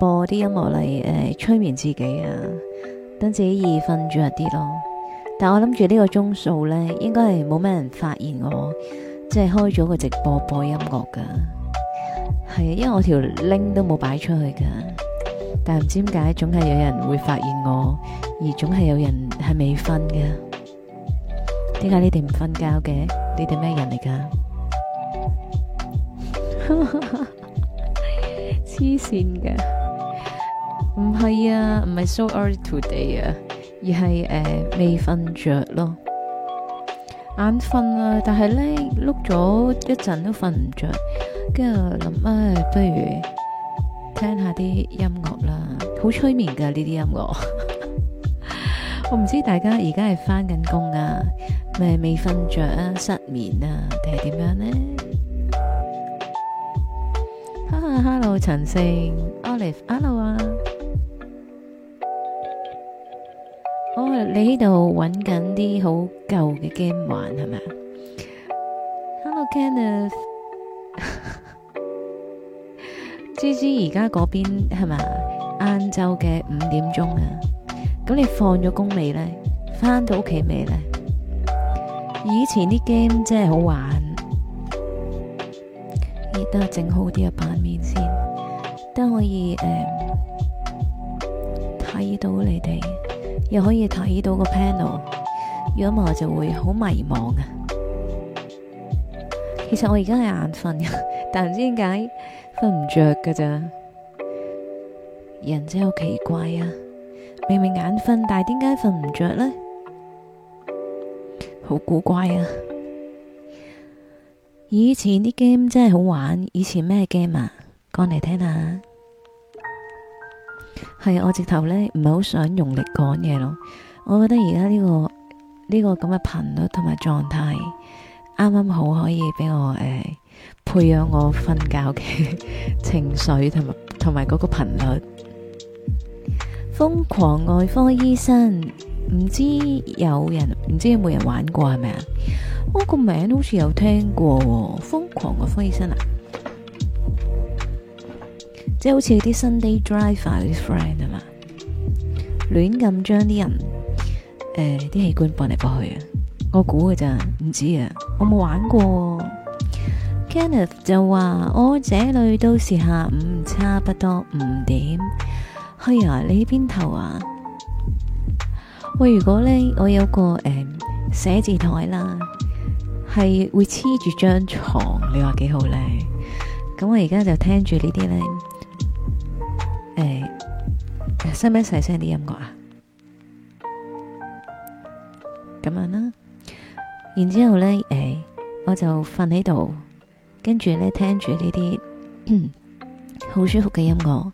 播啲音樂嚟，誒催眠自己啊，等自己易瞓咗一啲咯。但我諗住呢個鐘數咧，應該係冇咩人發現我，即係開咗個直播播音樂噶。係啊，因為我條 link 都冇擺出去噶。但係唔知點解，總係有人會發現我，而總係有人係未瞓嘅。點解你哋唔瞓覺嘅？你哋咩人嚟噶？黐線嘅！唔係啊，唔係 so early today 啊，而係誒未瞓着咯眼瞓啊，但係咧碌咗一陣都瞓唔着，跟住諗啊，不如聽下啲音樂啦，好催眠噶呢啲音樂。 我唔知大家而家係翻緊工啊，咩未瞓着啊，失眠啊，定係點樣呢？哈 ，hello 陳勝，Olive，hello 啊。Olive, Hello. 你喺度揾緊啲好舊嘅 game 玩係咪？Hello Kenneth，Gigi 而家嗰邊係咪？晏晝嘅五點鐘啊，咁你放咗工未呢？翻到屋企未呢？以前啲 game 真係好玩，而家整好啲啊，版面先，都可以誒睇到你哋。又可以睇到個 panel，如果唔係我就會好迷茫啊！其實我而家係眼瞓，但唔知點解瞓唔着嘅咋？人真係好奇怪啊！明明眼瞓，但係點解瞓唔着咧？好古怪啊！以前啲 game 真係好玩，以前咩 game 啊？講嚟聽下。係啊，我直頭咧，唔係好想用力講嘢咯。我覺得而家呢個呢、呢個咁嘅頻率同埋狀態，啱啱好可以俾我誒、呃、培養我瞓覺嘅情緒同埋同埋嗰個頻率。瘋狂外科醫生，唔知有人唔知有冇人玩過係咪啊？我個名好似有聽過，哦，瘋狂外科醫生啊！即係好似啲 Sunday driver 啲 friend 啊嘛？亂咁將啲人誒啲、呃、器官搬嚟搬去啊！我估嘅咋，唔知啊，我冇玩過。Kenneth 就話：我這裏都是下午，差不多五點。Hey、哎、啊，你喺邊頭啊？喂，如果咧我有個誒寫、呃、字台啦，係會黐住張床。你話幾好咧？咁我而家就聽住呢啲咧。誒，使唔使細聲啲音樂啊？咁樣啦，然之後咧，誒、哎，我就瞓喺度，跟住咧聽住呢啲好舒服嘅音樂，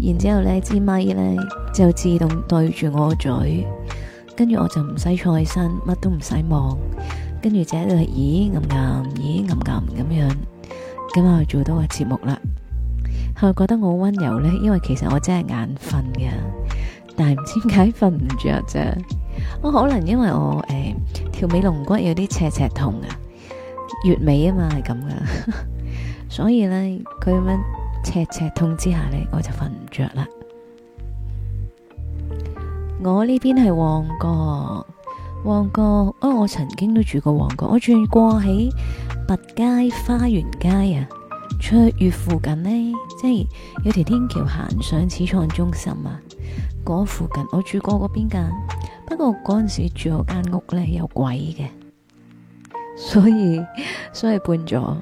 然之後咧，支咪咧就自動對住我個嘴，跟住我就唔使菜身，乜都唔使望，跟住就喺度咦，咁咁，咦，咁咁咁樣，咁啊我就做到個節目啦。佢覺得我溫柔呢，因為其實我真係眼瞓嘅，但係唔知點解瞓唔着。啫、哦。我可能因為我誒、欸、條尾龍骨有啲赤赤痛啊，月尾啊嘛係咁噶， 所以呢，佢咁樣赤赤痛之下呢，我就瞓唔着啦。我呢邊係旺角，旺角啊、哦！我曾經都住過旺角，我住過喺白街、花園街啊，卓越附近呢。即係有條天橋行上始創中心啊！嗰附近我住過嗰邊噶，不過嗰陣時住嗰間屋咧有鬼嘅，所以所以搬咗。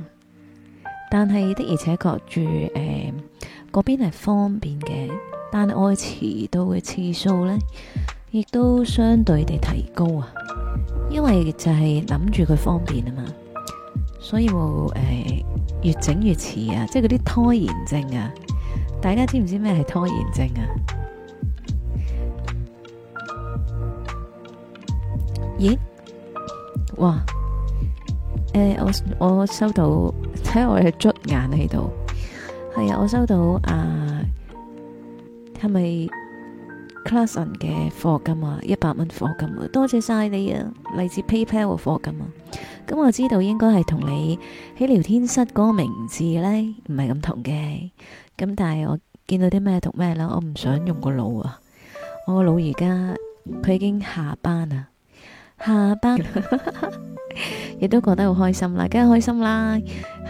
但係的而且確住誒嗰邊係方便嘅，但係我遲到嘅次數咧亦都相對地提高啊，因為就係諗住佢方便啊嘛，所以我誒。欸越整越遲啊！即係嗰啲拖延症啊！大家知唔知咩係拖延症啊？咦？哇！誒、呃，我我收到睇下我嘅捽眼喺度，係啊！我收到啊，係咪？classen 嘅課金啊，一百蚊課金啊，多謝晒你啊，嚟自 PayPal 嘅課金啊，咁、嗯、我知道應該係同你喺聊天室嗰個名字咧唔係咁同嘅，咁、嗯、但係我見到啲咩讀咩啦，我唔想用個腦啊，我個腦而家佢已經下班啦，下班亦 都覺得好開心啦，梗係開心啦，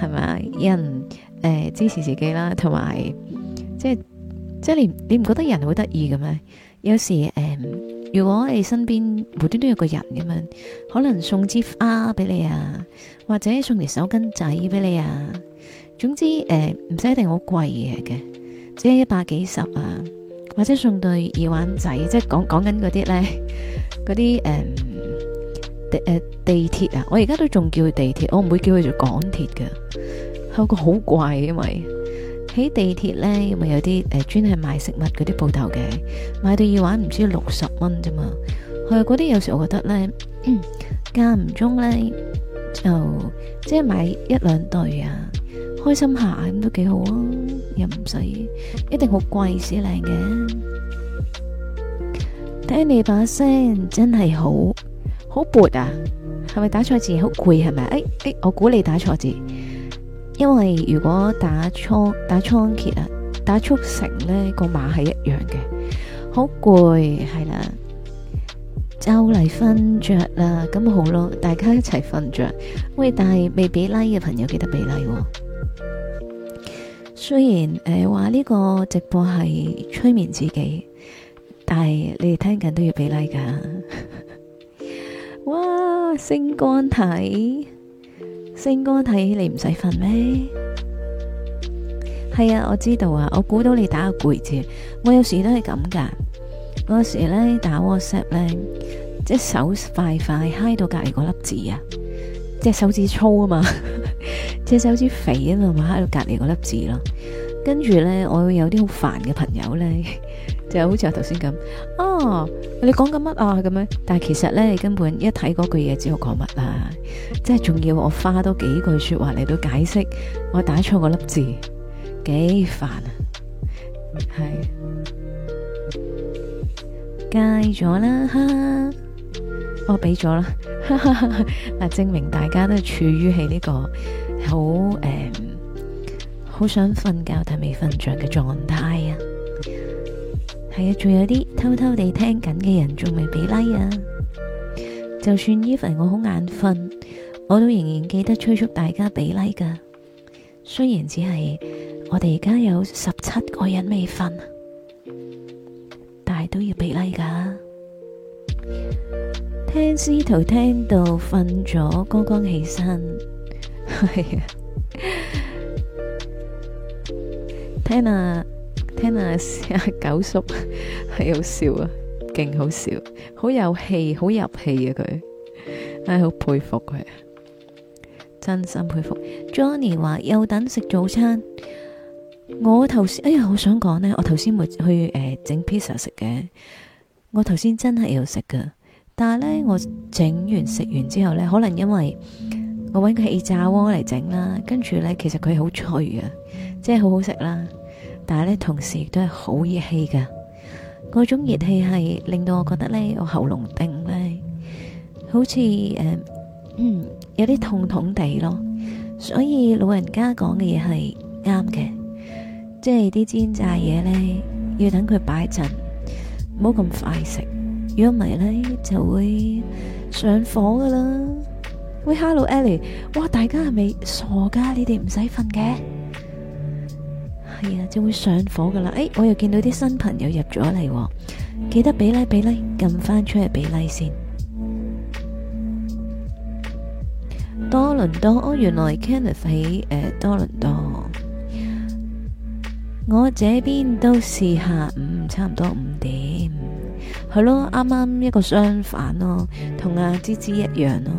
係咪有人誒、呃、支持自己啦，同埋即係即係你你唔覺得人好得意嘅咩？有時誒、嗯，如果你身邊無端端有個人咁樣，可能送支花俾你啊，或者送條手巾仔俾你啊，總之誒，唔、嗯、使一定好貴嘅，只係一百幾十啊，或者送對耳環仔，即係講講緊嗰啲咧，嗰啲誒地誒、呃、地鐵啊，我而家都仲叫地鐵，我唔會叫佢做港鐵嘅，我覺得好貴因為貴、啊。喺地鐵咧，咪有啲誒專係賣食物嗰啲鋪頭嘅？買對耳環唔知六十蚊啫嘛。佢嗰啲有時我覺得咧，間唔中咧就即係買一兩對啊，開心下咁都幾好啊，又唔使一定好貴先靚嘅。聽你把聲真係好，好撥啊！係咪打錯字？好攰係咪？誒誒、欸欸，我估你打錯字。因為如果打倉打倉頡啊，打速成呢個碼係一樣嘅，好攰係啦，就嚟瞓着啦，咁好咯，大家一齊瞓着。喂，但係未俾 like 嘅朋友記得俾 like 哦。雖然誒話呢個直播係催眠自己，但係你哋聽緊都要俾 like 㗎。 哇，星光體！星哥，睇你唔使瞓咩？係啊，我知道啊，我估到你打個攰字，我有時都係咁噶。我有時咧打 WhatsApp 咧，即係手快快，揩到隔籬嗰粒字啊！即係手指粗啊嘛，即係手指肥啊嘛，咪揩到隔籬嗰粒字咯、啊。跟住咧，我會有啲好煩嘅朋友咧。就好似我頭先咁，哦、啊，你講緊乜啊？咁樣，但係其實咧，你根本一睇嗰句嘢，知道我講乜啊，即係仲要我花多幾句説話嚟到解釋，我打錯個粒字，幾煩啊！係，解咗啦，哈哈我俾咗啦，啊， 證明大家都處於喺呢個好誒、嗯，好想瞓覺但未瞓着嘅狀態啊！係啊，仲有啲偷偷地聽緊嘅人仲未俾 like 啊！就算 even 我好眼瞓，我都仍然記得催促大家俾 like 噶。雖然只係我哋而家有十七個人未瞓，但係都要俾 like 噶，啊。聽司徒聽到瞓咗，剛剛起身。係啊，聽啊！聽阿九叔係、哎、好笑啊，勁好笑，好有氣，好入氣啊佢，唉、哎，好佩服佢，真心佩服。Johnny 話又等食早餐，我頭先哎呀，我想講呢。我頭先咪去誒整 pizza 食嘅，我頭先真係要食噶，但係呢，我整完食完之後呢，可能因為我搵個氣炸鍋嚟整啦，跟住呢，其實佢好脆啊，即係好好食啦。但係咧，同時亦都係好熱氣噶，嗰種熱氣係令到我覺得咧，我喉嚨定咧，好似誒、呃、有啲痛痛地咯。所以老人家講嘅嘢係啱嘅，即係啲煎炸嘢咧，要等佢擺陣，唔好咁快食。如果唔係咧，就會上火噶啦。喂，Hello，Ellie，哇，大家係咪傻噶？你哋唔使瞓嘅？係啊，就會上火噶啦！誒，我又見到啲新朋友入咗嚟，記得畀 like，畀 like，撳翻出嚟畀 like 先。多倫多，哦，原來 Kenneth 喺誒多倫多，我這邊都是下午，差唔多五點，係咯，啱啱一個相反咯，同阿芝芝一樣咯。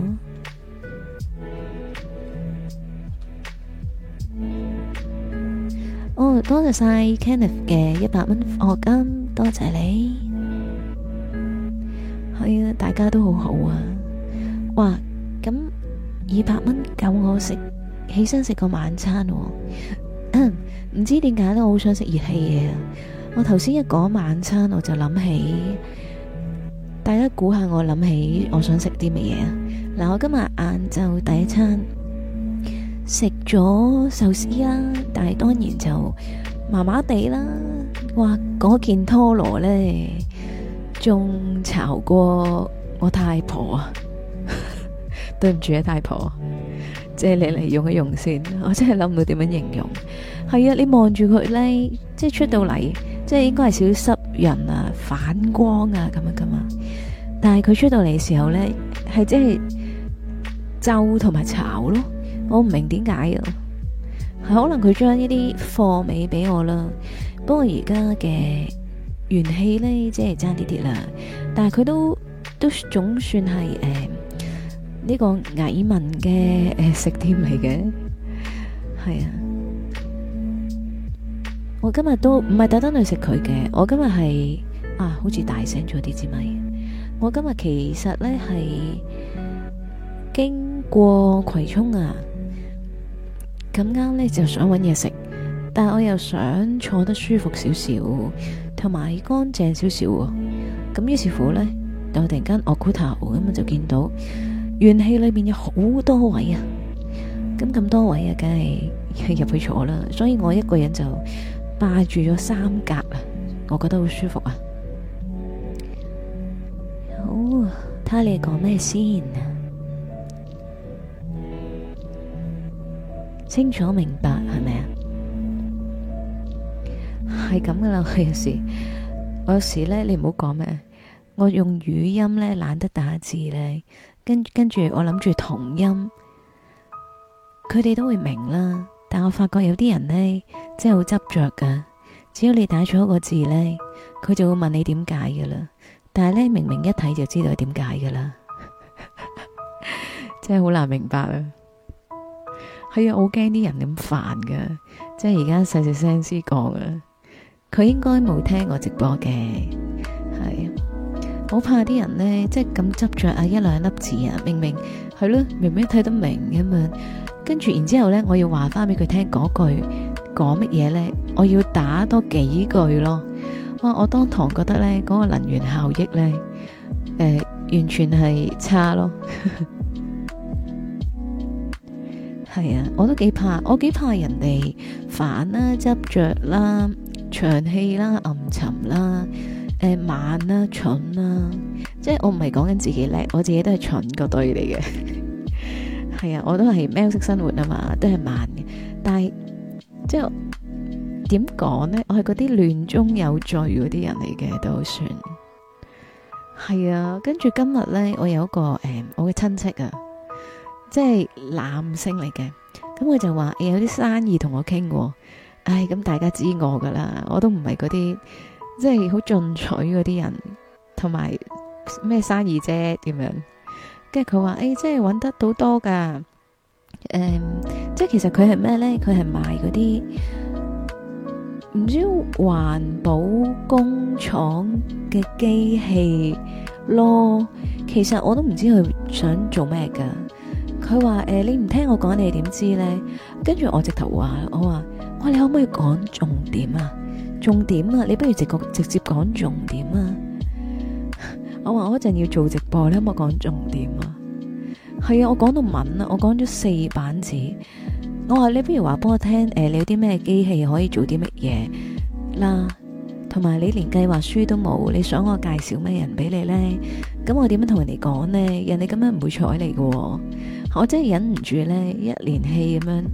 哦，多謝晒 Kenneth 嘅一百蚊課金，多謝你。係啊、 really，大家都好好啊。哇，咁二百蚊夠我食，起身食個晚餐喎。唔知點解咧，我好想食熱氣嘢啊。我頭先一講晚餐，我就諗起，大家估下我諗起，我想食啲乜嘢啊？嗱，我今日晏晝第一餐。食咗壽司啦，但係當然就麻麻地啦。哇，嗰件拖羅咧仲醜過我太婆啊！ 對唔住啊，太婆，即係借你嚟用一用先。我真係諗唔到點樣形容。係啊，你望住佢咧，即係出到嚟，即係應該係少少濕人啊，反光啊咁樣噶嘛。但係佢出到嚟嘅時候咧，係即係皺同埋醜咯。我唔明點解啊，係可能佢將呢啲貨尾俾我啦。不過而家嘅元氣咧，即係差啲啲啦。但係佢都都總算係誒呢個蟻民嘅誒食店嚟嘅，係啊。我今日都唔係特登去食佢嘅，我今日係啊，好似大聲咗啲之咪。我今日其實咧係經過葵涌啊。咁啱呢就想搵嘢食，但係我又想坐得舒服少少，同埋乾淨少少。咁於是乎呢，就我突然間我估頭，咁就見到元氣裏面有好多位啊。咁咁多位啊，梗係入去坐啦。所以我一個人就霸住咗三格啊，我覺得好舒服啊。好，睇下你講咩先。清楚明白係咪啊？係咁噶啦，我有時，我有時咧，你唔好講咩，我用語音咧，懶得打字咧，跟跟住我諗住同音，佢哋都會明啦。但我發覺有啲人咧，真係好執着噶。只要你打錯一個字咧，佢就會問你點解噶啦。但係咧，明明一睇就知道點解噶啦， 真係好難明白啊！哎、我好驚啲人咁煩噶，即係而家細細聲先講啊。佢應該冇聽我直播嘅。係啊，我怕啲人咧，即係咁執着啊一兩粒字啊，明明係咯，明明睇得明咁樣，跟住然之後咧，我要話翻俾佢聽嗰句講乜嘢咧，我要打多幾句咯。哇，我當堂覺得咧，嗰個能源效益咧，誒、呃，完全係差咯。 係啊，我都幾怕，我幾怕人哋煩啦、執着啦、長氣啦、暗沉啦、誒慢啦、蠢啦，即係我唔係講緊自己叻，我自己都係蠢個堆嚟嘅。係啊，我都係喵式生活啊嘛，都係慢嘅。但係即係點講咧？我係嗰啲亂中有序嗰啲人嚟嘅都算。係啊，跟住今日咧，我有一個誒，我嘅親戚啊。即係男星嚟嘅，咁佢就話誒、哎、有啲生意同我傾，唉、哎、咁大家知我噶啦，我都唔係嗰啲即係好進取嗰啲人，同埋咩生意啫點樣？跟住佢話誒，即係搵得到多噶，誒即係其實佢係咩咧？佢係賣嗰啲唔知環保工廠嘅機器咯，其實我都唔知佢想做咩噶。佢話誒，你唔聽我講，你點知呢？跟住我直頭話，我話喂，你可唔可以講重點啊？重點啊！你不如直直接講重點啊！ 我話我一陣要做直播，你可唔可以講重點啊？係、嗯、啊，我講到文啊，我講咗四版紙。我話你不如話幫我聽，誒、呃，你有啲咩機器可以做啲乜嘢啦？同埋你連計劃書都冇，你想我介紹咩人俾你呢？咁我點樣同人哋講呢？人哋咁樣唔會睬你噶、哦。我真係忍唔住咧，一連氣咁樣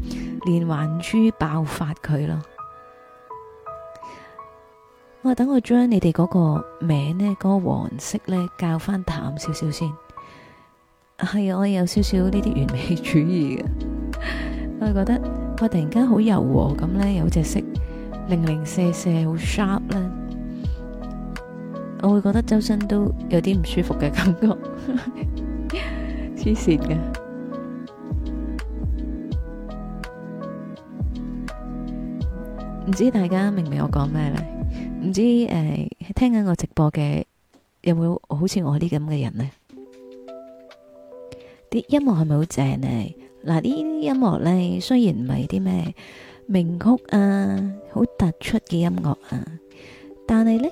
連環珠爆發佢咯。我等我將你哋嗰個名咧，嗰、嗰個黃色咧，較翻淡少少先。係啊，我有少少呢啲完美主義嘅， 我覺得我突然間好柔和咁咧，有好隻色零零四四，好 sharp 咧，我會覺得周身都有啲唔舒服嘅感覺，黐線嘅。唔知大家明唔明我講咩呢？唔知誒、呃，聽緊我直播嘅有冇好似我呢咁嘅人呢？啲音樂係咪好正呢？嗱、呃，呢啲音樂呢，雖然唔係啲咩名曲啊，好突出嘅音樂啊，但係呢，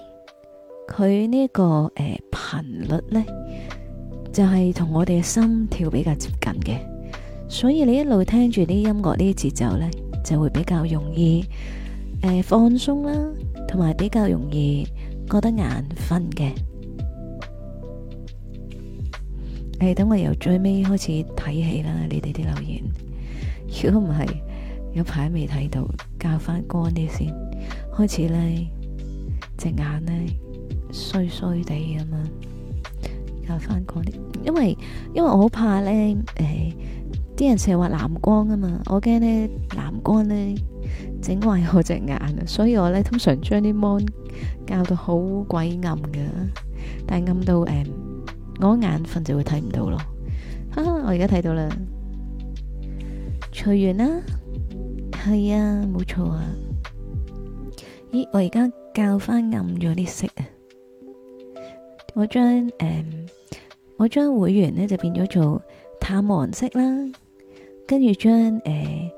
佢呢、呢個誒頻、呃、率呢，就係、是、同我哋心跳比較接近嘅，所以你一路聽住啲音樂啲節奏呢，就會比較容易。誒、呃，放鬆啦，同埋比較容易覺得眼瞓嘅。誒、欸，等我由最尾開始睇起啦，你哋啲留言。如果唔係，有排未睇到，較翻乾啲先。開始咧，隻眼咧衰衰地咁啊，較翻乾啲。因為因為我好怕咧誒。欸啲人成日話藍光啊嘛，我驚呢藍光呢整壞我隻眼啊，所以我呢通常將啲 mon 校到好鬼暗嘅，但係暗到誒、嗯、我眼瞓就會睇唔到咯。哈哈，我而家睇到除完啦，隨緣啦，係啊，冇錯啊。咦，我而家校翻暗咗啲色啊，我將誒、嗯、我將會員咧就變咗做淡黃色啦。跟住將誒、呃、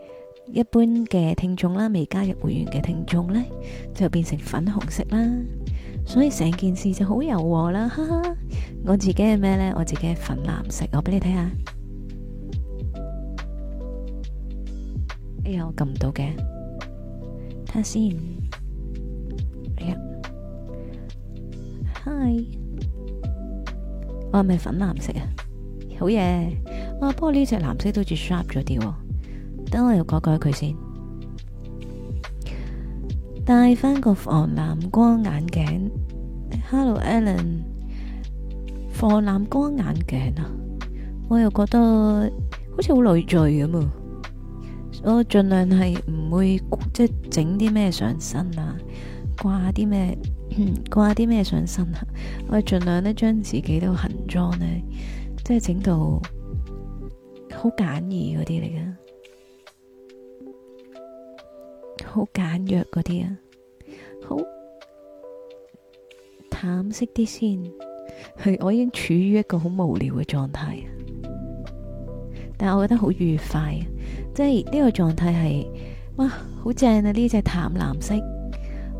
一般嘅聽眾啦，未加入會員嘅聽眾咧，就變成粉紅色啦。所以成件事就好柔和啦，哈哈！我自己係咩咧？我自己係粉藍色，我畀你睇下，哎。哎呀，我撳唔到嘅，睇下先。哎呀，嗨！我係咪粉藍色啊？好嘢，不過呢隻藍色都好似 sharp 咗啲。等我又改改佢先。戴翻個防藍光眼鏡。Hello，Alan，防藍光眼鏡啊！我又覺得好似好累贅咁。我盡量係唔會即係整啲咩上身啊，掛啲咩掛啲咩上身啊。我盡量咧將自己都行裝呢。即係整到好簡易嗰啲嚟嘅，好簡約嗰啲啊，好淡色啲先。係我已經處於一個好無聊嘅狀態，但係我覺得好愉快。即係呢個狀態係哇，好正啊！呢隻淡藍色，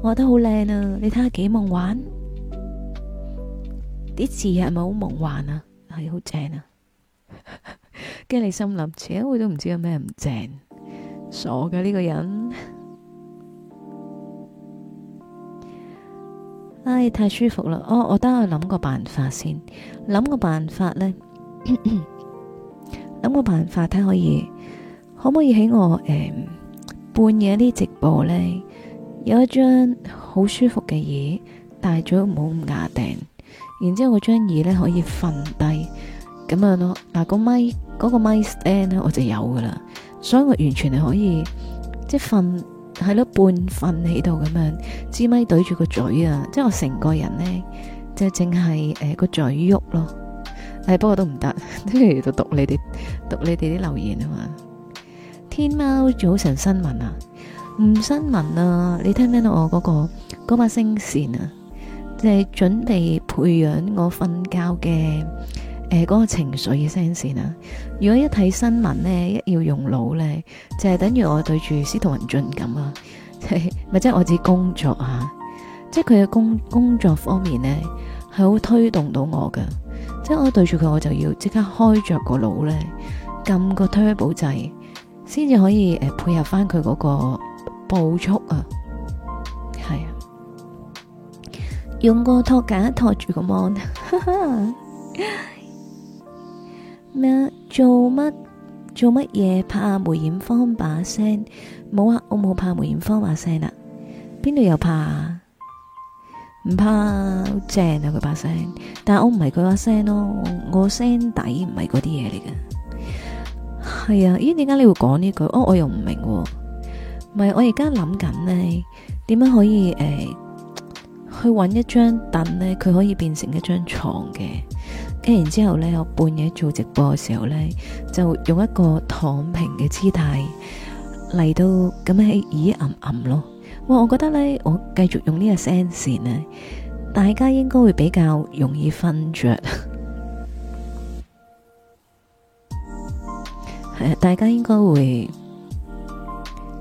我覺得好靚啊！你睇下，幾夢幻，啲字係咪好夢幻啊？係好正啊！驚 你心諗遲一會，我都唔知有咩唔正，傻嘅呢個人。唉、哎，太舒服啦！哦，我等我諗個辦法先，諗個辦法呢，諗 個辦法睇可以，可唔可以喺我誒、呃、半夜啲直播呢，有一張好舒服嘅嘢，大咗唔好咁牙定。然之後我張椅咧可以瞓低咁樣咯，嗱個咪，嗰個咪 stand 咧我就有噶啦，所以我完全係可以即係瞓係咯，半瞓喺度咁樣，支咪懟住個嘴啊，即係我成個人咧就淨係誒個嘴喐咯，誒不過不 都唔得，即都要讀你哋讀你哋啲留言啊嘛。天喵早晨新聞啊，唔新聞啊，你聽唔聽到我嗰、嗰個嗰把聲線啊？就係準備培養我瞓覺嘅誒嗰個情緒嘅聲線啊！如果一睇新聞咧，一要用腦咧，就係等於我對住司徒文進咁啊，咪即係我指工作啊。即係佢嘅工工作方面咧係好推動到我噶，即係我對住佢我就要即刻開着個腦咧，撳個 Turbo 掣，先至可以誒、呃、配合翻佢嗰個步速啊！用個托架托住個 mon，乜做乜做乜嘢？怕梅艷芳把聲？冇啊，我冇怕梅艷芳把聲啦。邊度又怕？唔怕，正啊佢把聲，但係我唔係佢把聲咯，我聲底唔係嗰啲嘢嚟㗎。係啊，咦？點解你會講呢句？哦，我又唔明喎。唔係，我而家諗緊呢，點樣可以誒？去揾一張凳呢，佢可以變成一張床嘅。跟然之後呢，我半夜做直播嘅時候呢，就用一個躺平嘅姿態嚟到咁樣喺耳吟吟揞咯。哇，我覺得呢，我繼續用呢個聲線呢，大家應該會比較容易瞓着。係啊，大家應該會。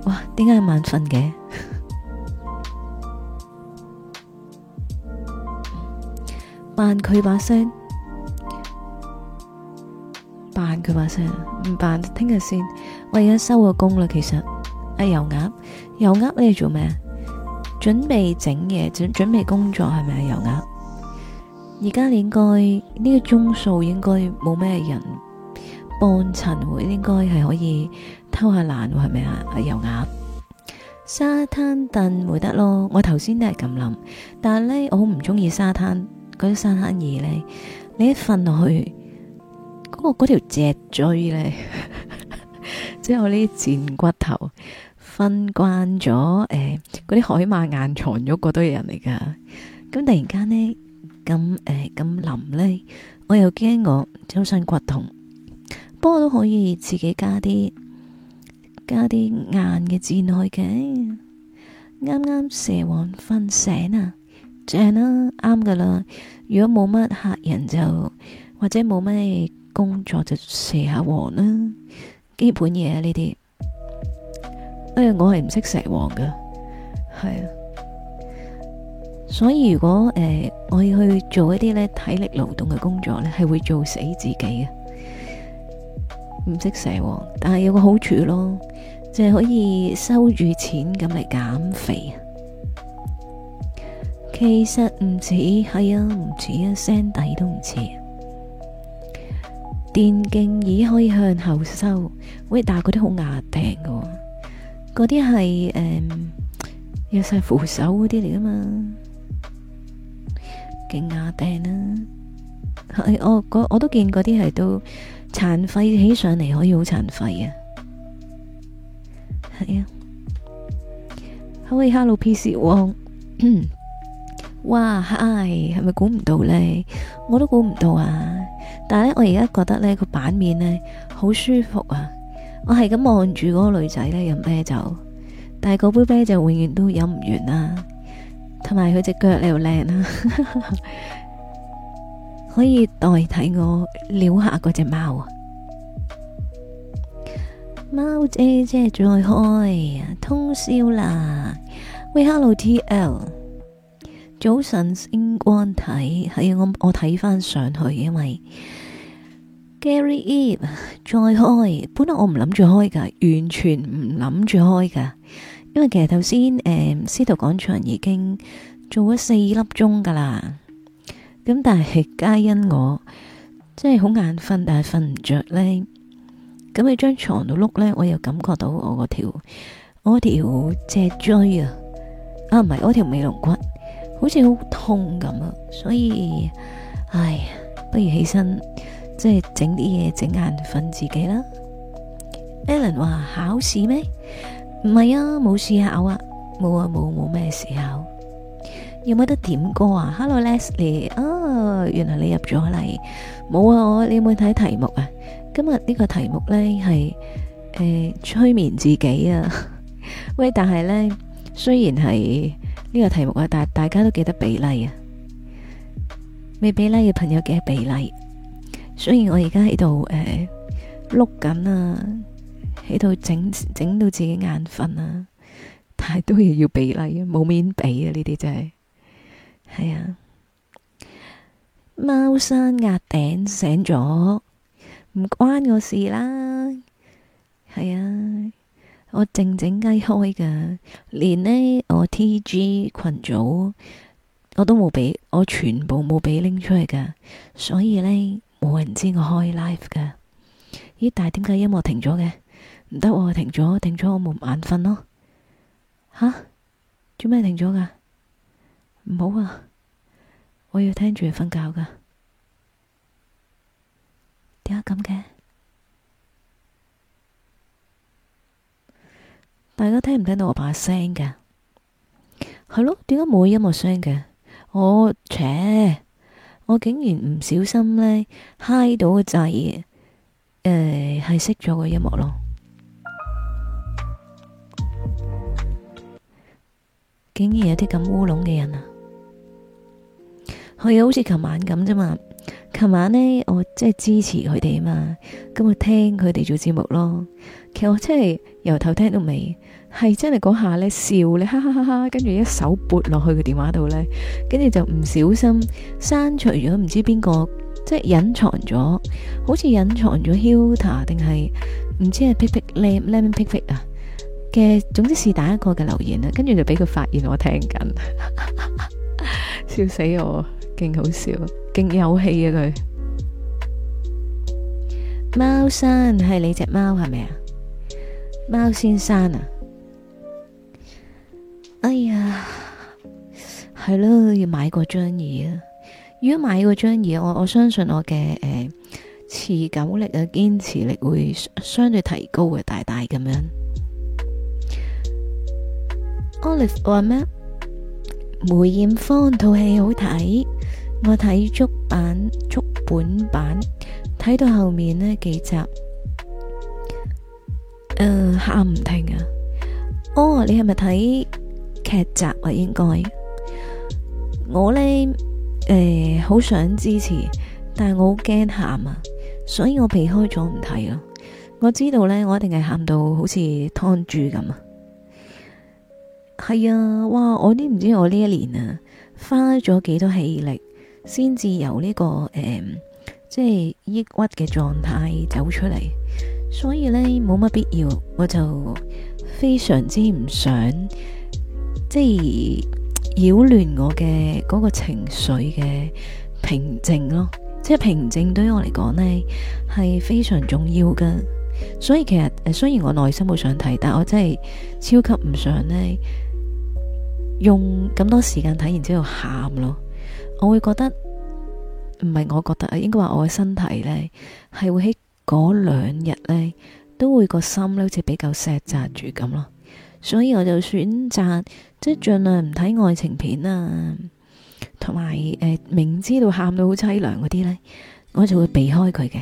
哇，點解係晚瞓嘅？扮佢把聲，扮佢把聲，唔扮。聽日先。我而家收個工啦。其實阿、啊、油鴨，油鴨你做咩啊？準備整嘢，準準備工作係咪啊？油鴨，而家應該呢、呢個鐘數應該冇咩人幫襯，半會應該係可以偷下懶，係咪啊？阿油鴨，沙灘凳會得咯。我頭先都係咁諗，但係咧我好唔中意沙灘。嗰啲山黑蛇咧，你一瞓落去，嗰、嗰個條脊椎咧， 即係我呢賤骨頭瞓慣咗，誒，嗰、欸、啲海馬硬藏咗嗰堆人嚟噶。咁突然間咧，咁誒咁淋咧，我又驚我周身骨痛，不過都可以自己加啲加啲硬嘅箭落去嘅。啱啱蛇王瞓醒啦～正啦、啊，啱噶啦。如果冇乜客人就，或者冇乜工作就蛇下王啦，基本嘢呢啲。誒、哎，我係唔識蛇王噶，係啊。所以如果誒、呃、我要去做一啲咧體力勞動嘅工作咧，係會做死自己嘅。唔識蛇王，但係有個好處咯，就係、是、可以收住錢咁嚟減肥。其實唔似係啊，唔似啊。聲底都唔似。電競椅可以向後收，喂，但係嗰啲好牙釘噶、啊，嗰啲係誒有晒扶手嗰啲嚟噶嘛，勁牙釘啦、啊。係我我，我都見嗰啲係都殘廢起上嚟可以好殘廢啊。係啊，可以 Hello PC 王。 哇！嗨，係咪估唔到呢？我都估唔到啊！但係咧，我而家覺得咧個版面咧好舒服啊！我係咁望住嗰個女仔咧飲啤酒，但係嗰杯啤酒永遠都飲唔完啦、啊。同埋佢只腳又靚啊， 可以代替我撩下嗰隻貓啊！貓姐姐再開啊通宵啦！喂，Hello TL。早晨，星光睇係我我睇翻上去，因為 Gary Eve 再開。本來我唔諗住開噶，完全唔諗住開噶，因為其實頭先誒司徒廣場已經做咗四粒鐘噶啦。咁但係皆因我即係好眼瞓，但係瞓唔着咧。咁你張床度碌咧，我又感覺到我個條我條脊椎啊，啊唔係我條尾龍骨。好似好痛咁啊！所以，哎呀，不如起身，即係整啲嘢整眼瞓自己啦。Alan 話考試咩？唔係啊，冇試考啊，冇啊，冇冇咩試考。有冇得點歌啊？Hello Leslie，哦，原來你入咗嚟。冇啊，我你有冇睇題目啊？今日呢個題目呢係誒催眠自己啊。喂，但係呢雖然係。呢個題目啊，大大家都記得比例啊，未比例嘅朋友記得比例。雖然我而家喺度誒，碌緊啊，喺度整整到自己眼瞓啊，太多嘢要比例啊，冇面比啊，呢啲真係係啊，貓山壓頂醒咗，唔關我事啦，係啊。我靜靜雞開噶，連呢我 T G 群組我都冇俾，我全部冇俾拎出嚟噶，所以呢冇人知我開 live 噶。咦，但係點解音樂停咗嘅？唔得，我停咗，停咗我冇眼瞓咯。吓，做咩停咗噶？唔好啊，我要聽住瞓覺噶。點解咁嘅？大家聽唔聽到我把聲嘅？係咯，點解冇音樂聲嘅？我邪、呃，我竟然唔小心呢，嗨到個掣，誒、呃，係熄咗個音樂咯。竟然有啲咁烏龍嘅人啊！係呀，好似琴晚咁啫嘛。琴晚呢，我即係支持佢哋啊嘛，咁我聽佢哋做節目咯。其實我真係由頭聽到尾，係真係嗰下咧笑咧，哈哈哈哈，跟住一手撥落去個電話度咧，跟住就唔小心刪除咗，唔知邊個即係隱藏咗，好似隱藏咗 Huta 定係唔知係 Pik Pik Lam Lam Pik Pik 啊嘅，總之是打一個嘅留言啊，跟住就俾佢發現我聽緊，笑死我！勁好笑，勁有氣啊！佢貓山係你隻貓係咪啊？貓先生啊！哎呀，係咯，要買個張嘢。如果買個張嘢，我我相信我嘅誒、呃、持久力啊，堅持力會相對提高嘅大大咁樣。Oliver 話咩？梅艷芳套戲好睇。我睇足版、足本版，睇到後面呢幾集，誒、呃，喊唔停啊！哦，你係咪睇劇集啊？或應該，我呢，誒、呃、好想支持，但係我好驚喊啊，所以我避開咗唔睇咯。我知道呢，我一定係喊到好似湯豬咁啊！係啊，哇！我都唔知我呢一年啊，花咗幾多氣力。先至由呢、這個誒、嗯，即係抑鬱嘅狀態走出嚟，所以呢冇乜必要，我就非常之唔想，即係擾亂我嘅嗰個情緒嘅平靜咯。即係平靜對於我嚟講呢係非常重要嘅，所以其實誒，雖然我內心好想睇，但我真係超級唔想呢用咁多時間睇然之後喊咯。我會覺得唔係，我覺得啊，應該話我嘅身體呢，係會喺嗰兩日呢，都會個心呢，好似比較錫紮住咁咯，所以我就選擇即係盡量唔睇愛情片啊，同埋誒，明知道喊到好淒涼嗰啲呢，我就會避開佢嘅。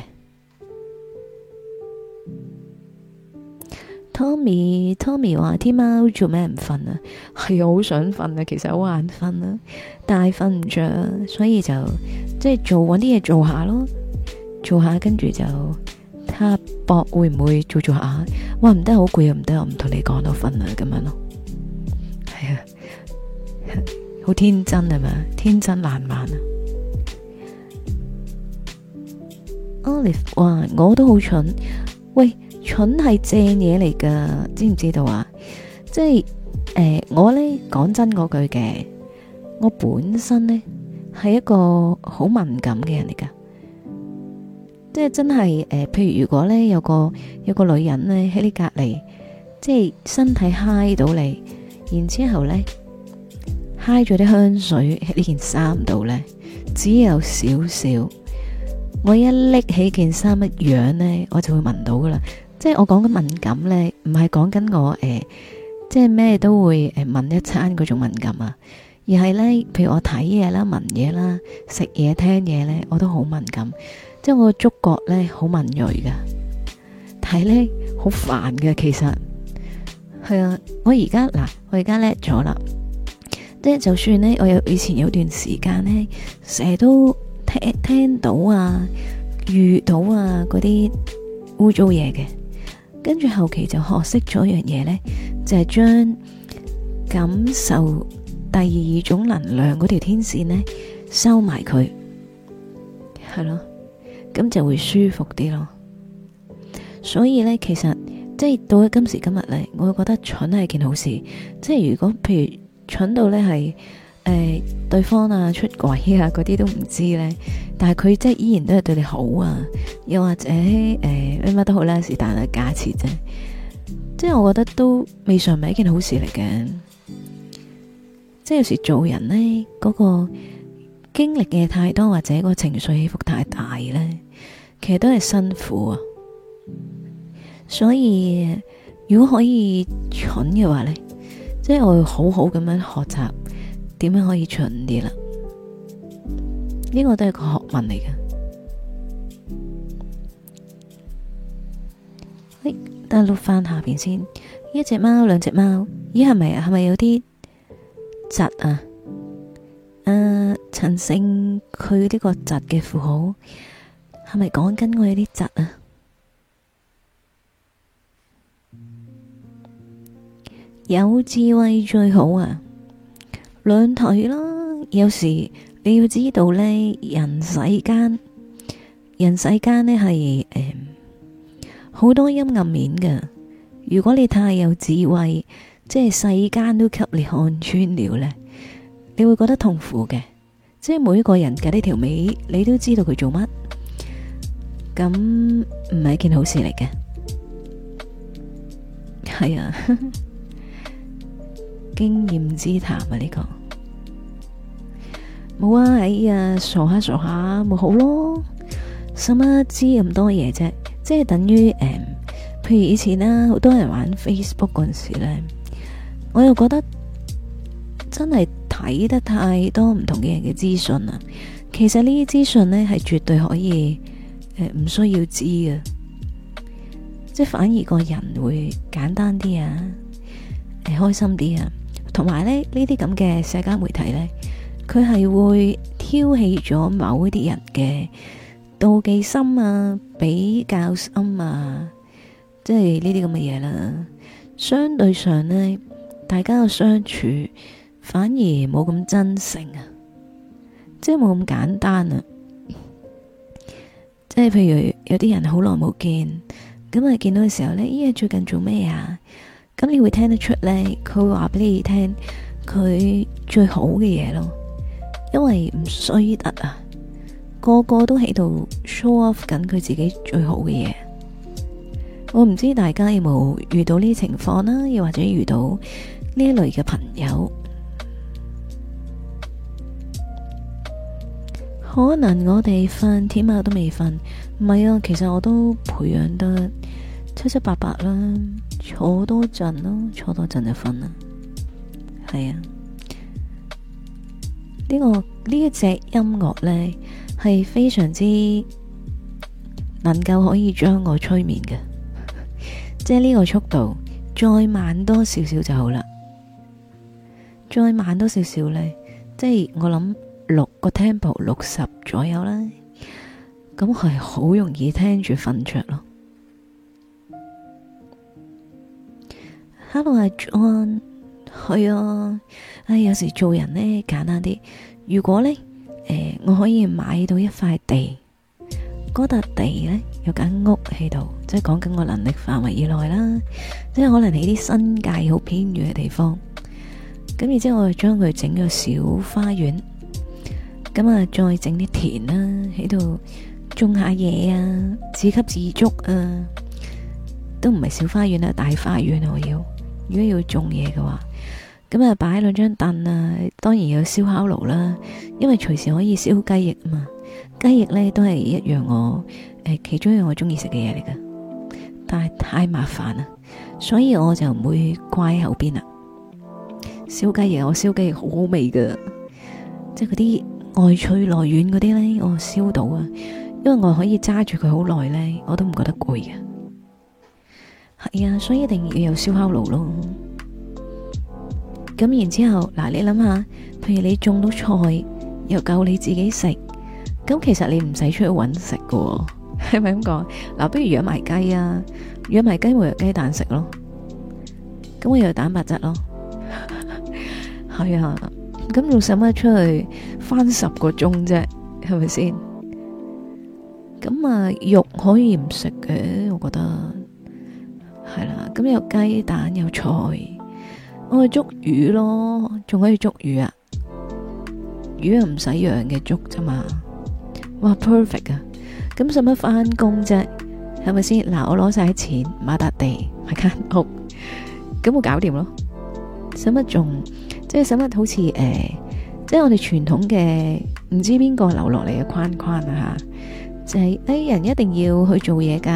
Tommy，Tommy 話 Tommy 天喵做咩唔瞓啊？係好想瞓啊，其實好眼瞓啦，但係瞓唔着，所以就即係做搵啲嘢做下咯，做下跟住就睇下博會唔會做做下？哇，唔得好攰又唔得啊，我唔同你講到瞓啊，咁樣咯，係啊，好 天真啊嘛，天真爛漫啊。Olive 話我都好蠢，喂。蠢係正嘢嚟噶，知唔知道啊？即係誒、呃，我呢講真嗰句嘅，我本身呢係一個好敏感嘅人嚟噶，即係真係誒、呃，譬如如果呢有個有個女人呢喺呢隔籬，即係身體嗨到你，然之後呢嗨咗啲香水喺呢件衫度呢，只有少少，我一拎起件衫一樣呢，我就會聞到噶啦。即係我講緊敏感咧，唔係講緊我誒、呃，即係咩都會誒聞一餐嗰種敏感啊，而係咧，譬如我睇嘢啦、聞嘢啦、食嘢、聽嘢咧，我都好敏感，即係我個觸覺咧好敏銳噶，但係咧好煩嘅。其實係啊，我而家嗱，我而家叻咗啦，即係就算咧，我有以前有段時間咧，成日都聽聽到啊、遇到啊嗰啲污糟嘢嘅。跟住後期就學識咗一樣嘢呢，就係將感受第二種能量嗰條天線呢收埋佢，係咯，咁就會舒服啲咯。所以呢，其實即係到咗今時今日呢，我會覺得蠢係件好事。即係如果譬如蠢到呢係。誒、呃，對方啊，出軌啊，嗰啲都唔知咧。但係佢即係依然都係對你好啊。又或者誒，乜、呃、乜都好啦，啊，是但啦，假設啫。即係我覺得都未嘗唔係一件好事嚟嘅。即係有時做人咧，嗰、嗰個經歷嘅太多，或者個情緒起伏太大咧，其實都係辛苦啊。所以如果可以蠢嘅話咧，即係我會好好咁樣學習。點樣可以蠢啲啦？呢、這個都係個學問嚟嘅。喂、哎，等下 look 翻下邊先，一隻貓，兩隻貓，咦係咪係咪有啲窒啊？誒、啊，陳勝佢呢個窒嘅符號係咪講緊我有啲窒啊？有智慧最好啊！兩睇啦，有時你要知道呢，人世間，人世間呢係誒，好、欸、多陰暗面嘅。如果你太有智慧，即係世間都給你看穿了呢，你會覺得痛苦嘅。即係每一個人嘅呢條尾，你都知道佢做乜，咁唔係一件好事嚟嘅，係啊。 經驗之談啊，呢個冇啊，哎呀，傻下傻下咪好咯，使乜知咁多嘢啫，即係等於誒、呃，譬如以前啦、啊，好多人玩 Facebook 嗰陣時咧，我又覺得真係睇得太多唔同嘅人嘅資訊啊，其實呢啲資訊呢，係絕對可以誒唔、呃、需要知啊，即係反而個人會簡單啲啊，係、呃、開心啲啊。同埋呢，呢啲咁嘅社交媒體呢，佢係會挑起咗某一啲人嘅妒忌心啊、比較心啊，即係呢啲咁嘅嘢啦。相對上呢，大家嘅相處反而冇咁真誠啊，即係冇咁簡單啊。即係譬如有啲人好耐冇見，今日見到嘅時候呢，依家最近做咩啊？咁你會聽得出咧，佢會話俾你聽佢最好嘅嘢咯，因為唔衰得啊，個個都喺度 show off 緊佢自己最好嘅嘢。我唔知大家有冇遇到呢情況啦，又或者遇到呢類嘅朋友，可能我哋瞓，天喵都未瞓。唔係啊，其實我都培養得七七八八啦。坐多陣咯，坐多陣就瞓啦。係啊，呢、呢個呢一隻音樂呢，係非常之能夠可以將我催眠嘅。 即係呢個速度再慢多少少就好啦，再慢多少少呢，即係我諗六個 tempo 六十左右啦，咁係好容易聽住瞓着咯。hello 阿 John，係啊，唉、哎、有時做人呢，簡單啲。如果呢，誒、呃、我可以買到一塊地，嗰笪地呢，有間屋喺度，即係講緊我能力範圍以內啦。即係可能喺啲新界好偏遠嘅地方，咁然之後我就將佢整個小花園，咁啊再整啲田啦，喺度種下嘢啊，自給自足啊，都唔係小花園啊，大花園，啊、我要。如果要種嘢嘅話，咁啊擺兩張凳啊，當然有燒烤爐啦，因為隨時可以燒雞翼啊嘛。雞翼呢都係一樣我誒，其中一樣我中意食嘅嘢嚟噶，但係太麻煩啦，所以我就唔會掛喺後邊啦。燒雞翼，我燒雞翼好好味噶，即係嗰啲外脆內軟嗰啲呢，我燒到啊，因為我可以揸住佢好耐呢，我都唔覺得攰嘅。係啊，所以一定要有燒烤爐咯。咁然之後，嗱，你諗下，譬如你種到菜，又夠你自己食，咁其實你唔使出去揾食噶，係咪咁講？嗱，不如養埋雞啊，養埋雞會有雞蛋食咯，咁會有蛋白質咯。係 啊， 咁仲使乜出去返十個鐘啫？係咪先？咁啊，肉可以唔食嘅，我覺得。係啦，咁有雞蛋有菜，我去捉魚咯，仲可以捉魚啊！魚又唔使養嘅捉啫嘛，哇 perfect 啊！咁使乜返工啫？係咪先？嗱，我攞晒啲錢買笪地買間屋，咁我搞掂咯。使乜仲？即係使乜好似誒？即係我哋傳統嘅唔知邊個留落嚟嘅框框啊吓，就係啲人一定要去做嘢噶，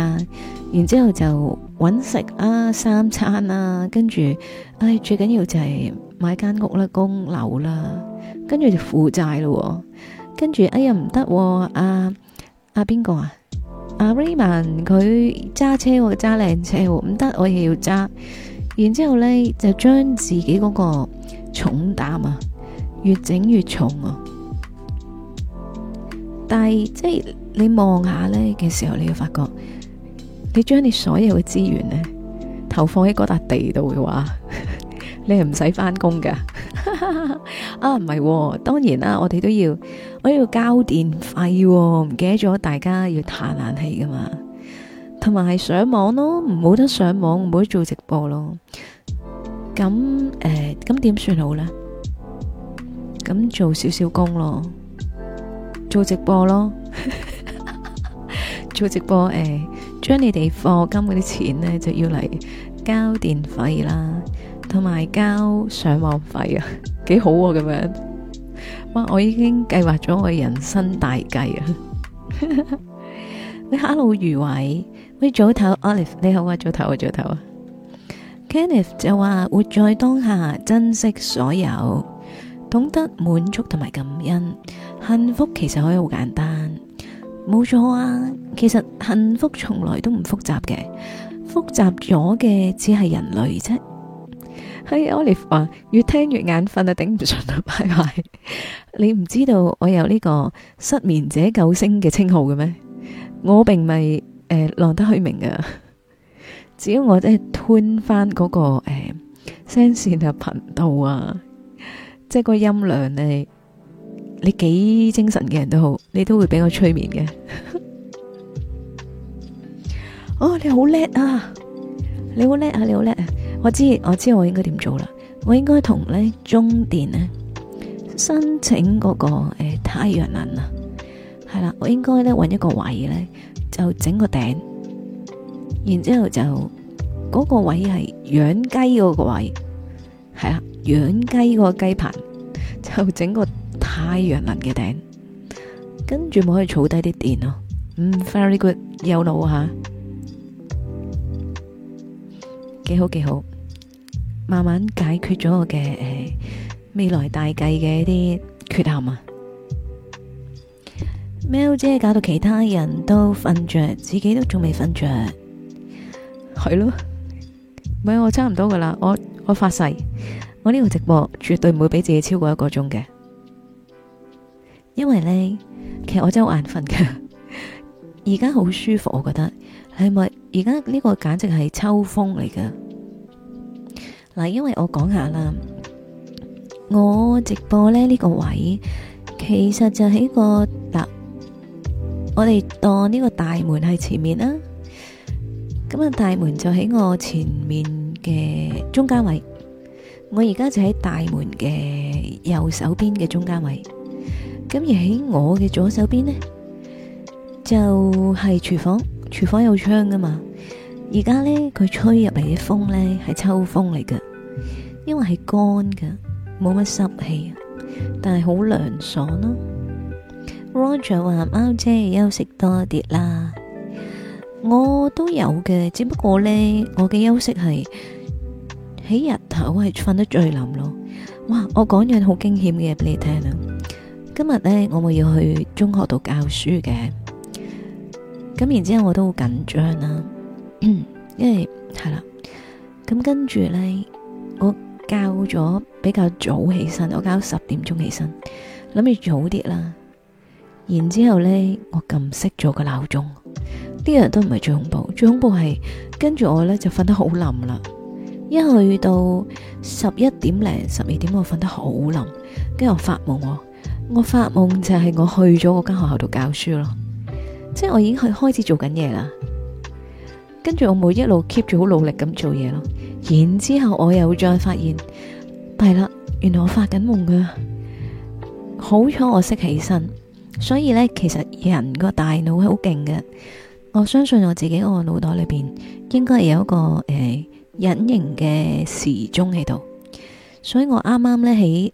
然之後就。搵食啊，三餐啊，跟住，唉、哎，最緊要就係買間屋啦，供樓啦，跟住就負債咯，跟住，哎呀唔得，阿阿邊個啊，阿、啊、Rayman 佢揸車，啊，揸靚車唔得，我又要揸，然之後咧就將自己嗰個重擔啊，越整越重啊，但係即係你望下咧嘅時候，你就發覺。你將你所有嘅資源呢投放喺嗰笪地度嘅話， 你係唔使翻工嘅。 啊，唔係、哦，當然啦，我哋都要，我要交電費、哦，唔記得咗大家要嘆冷氣噶嘛，同埋係上網咯，冇得上網，冇得做直播咯。咁誒，咁點算好呢？咁做少少工咯，做直播咯。 做直播，誒、哎，將你哋課金嗰啲錢呢，就要嚟交電費啦，同埋交上網費啊，幾好啊，咁樣。哇，我已經計劃咗我人生大計啊！你 hello 余偉，喂，早唞 Olive，你好啊，早唞啊，早唞啊。Kenneth 就話活在當下，珍惜所有，懂得滿足同埋感恩，幸福其實可以好簡單，冇錯啊！其實幸福從來都唔複雜嘅，複雜咗嘅只係人類啫。係、hey, Olive 啊，越聽越眼瞓啊，頂唔順啊，拜拜！ 你唔知道我有呢個失眠者救星嘅稱號嘅咩？我並唔係誒浪得虛名、 那個呃、啊！只要我即係 turn 翻嗰個誒聲線啊頻道啊，即係個音量咧，你幾精神嘅人都好，你都會俾我催眠嘅。 哦，你好叻啊！你好叻啊！你好叻啊！我知我知我應做，我應該點做啦？我應該同咧中電咧申請嗰個誒太陽能啊，係啦。我應該咧搵一個位咧，就整個頂，然之後就嗰、嗰個位係養雞嗰個位，係啦，養雞嗰個雞棚就整個太陽能嘅頂，跟住咪可以儲低啲電咯。嗯，very good，有腦吓。幾好幾好，慢慢解決咗我嘅、誒、呃、未來大計嘅一啲缺陷啊！喵姐搞到其他人都瞓着，自己都仲未瞓着，係咯？唔、呃、係我差唔多噶啦，我我發誓，我呢個直播絕對唔會畀自己超過一個鐘嘅，因為呢，其實我真係好眼瞓嘅，而家好舒服，我覺得。係咪而家呢個簡直係秋風嚟㗎？嗱，因為我講下啦，我直播咧呢個位，其實就喺個嗱，我哋當呢個大門係前面啦，咁啊大門就喺我前面嘅中間位，我而家就喺大門嘅右手邊嘅中間位，咁而喺我嘅左手邊呢，就係廚房。廚房有窗噶嘛？而家呢，佢吹入嚟嘅風呢係秋風嚟㗎，因為係乾噶，冇乜濕氣，但係好涼爽咯啊。Roger 話：貓姐休息多啲啦。我都有嘅，只不過呢，我嘅休息係喺日頭係瞓得最冧咯。哇！我講樣好驚險嘅嘢俾你聽啊！今日呢，我咪要去中學度教書嘅。咁然之後我都好緊張啦，因為係啦，咁跟住呢，我教咗比較早起身，我教十點鐘起身，諗住早啲啦。然之後呢，我撳熄咗個鬧鐘，啲人都唔係最恐怖，最恐怖係跟住我呢就瞓得好冧啦。一去到十一點零、十二點我，我瞓得好冧，跟住我發夢，我發夢就係我去咗嗰間學校度教書咯。即係我已經去開始做緊嘢啦，跟住我冇一路 keep 住好努力咁做嘢咯，然之後我又再發現弊啦，原來我發緊夢噶，好彩我識起身，所以呢，其實人個大腦係好勁嘅，我相信我自己我個腦袋裏邊應該有一個誒、呃、隱形嘅時鐘喺度，所以我啱啱呢喺。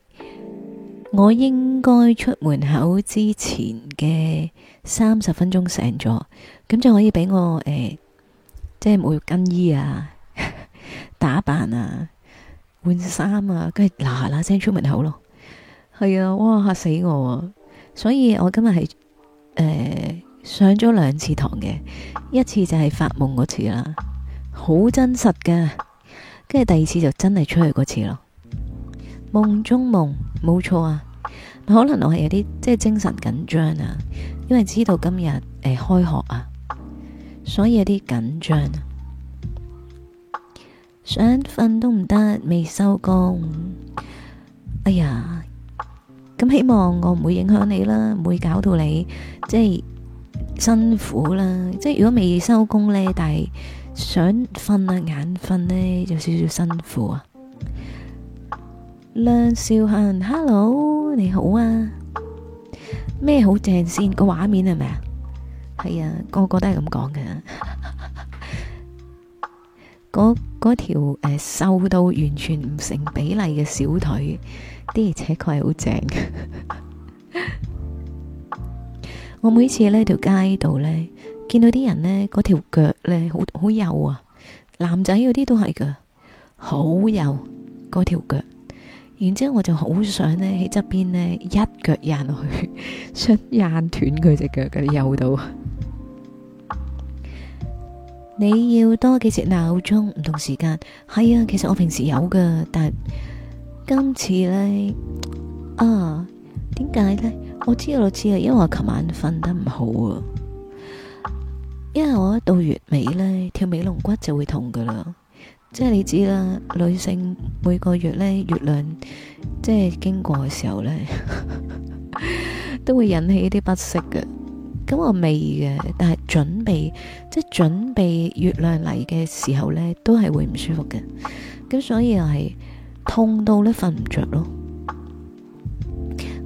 我應該出門口之前嘅三十分鐘醒咗，咁就可以俾我誒、呃，即係沐浴更衣啊、 打扮啊、換衫啊，跟住嗱嗱聲出門口咯。係、哎、啊，哇吓死我！所以我今日係誒上咗兩次堂嘅，一次就係發夢嗰次啦，好真實嘅，跟住第二次就真係出去嗰次咯。夢中夢冇錯啊，可能我係有啲即係精神緊張啊，因為知道今日誒、呃、開學啊，所以有啲緊張啊，想瞓都唔得，未收工，哎呀，咁希望我唔會影響你啦，唔會搞到你即係辛苦啦，即係如果未收工呢，但係想瞓啊眼瞓呢，有少少辛苦啊。梁少漢，hello，你好啊。咩好正先？個畫面係咪啊？係啊，個個都係咁講嘅。嗰嗰條誒瘦到完全唔成比例嘅小腿，啲而且確係好正 我每次喺條街度呢，見到啲人呢，嗰條腳呢，好好幼啊。男仔嗰啲都係噶，好幼嗰條腳。然之後我就好想呢喺側邊呢一腳踹落去， 想硬斷佢隻腳嘅右度。你要多幾隻鬧鐘唔同時間。係啊，其實我平時有噶，但今次呢？啊，點解呢？我知道，我知啊，因為我琴晚瞓得唔好啊，因為我一到月尾呢，跳尾龍骨就會痛噶啦。即係你知啦，女性每個月咧月亮即係經過嘅時候咧， 都會引起一啲不適嘅。咁我未嘅，但係準備即係準備月亮嚟嘅時候咧，都係會唔舒服嘅。咁所以又係痛到咧瞓唔著咯。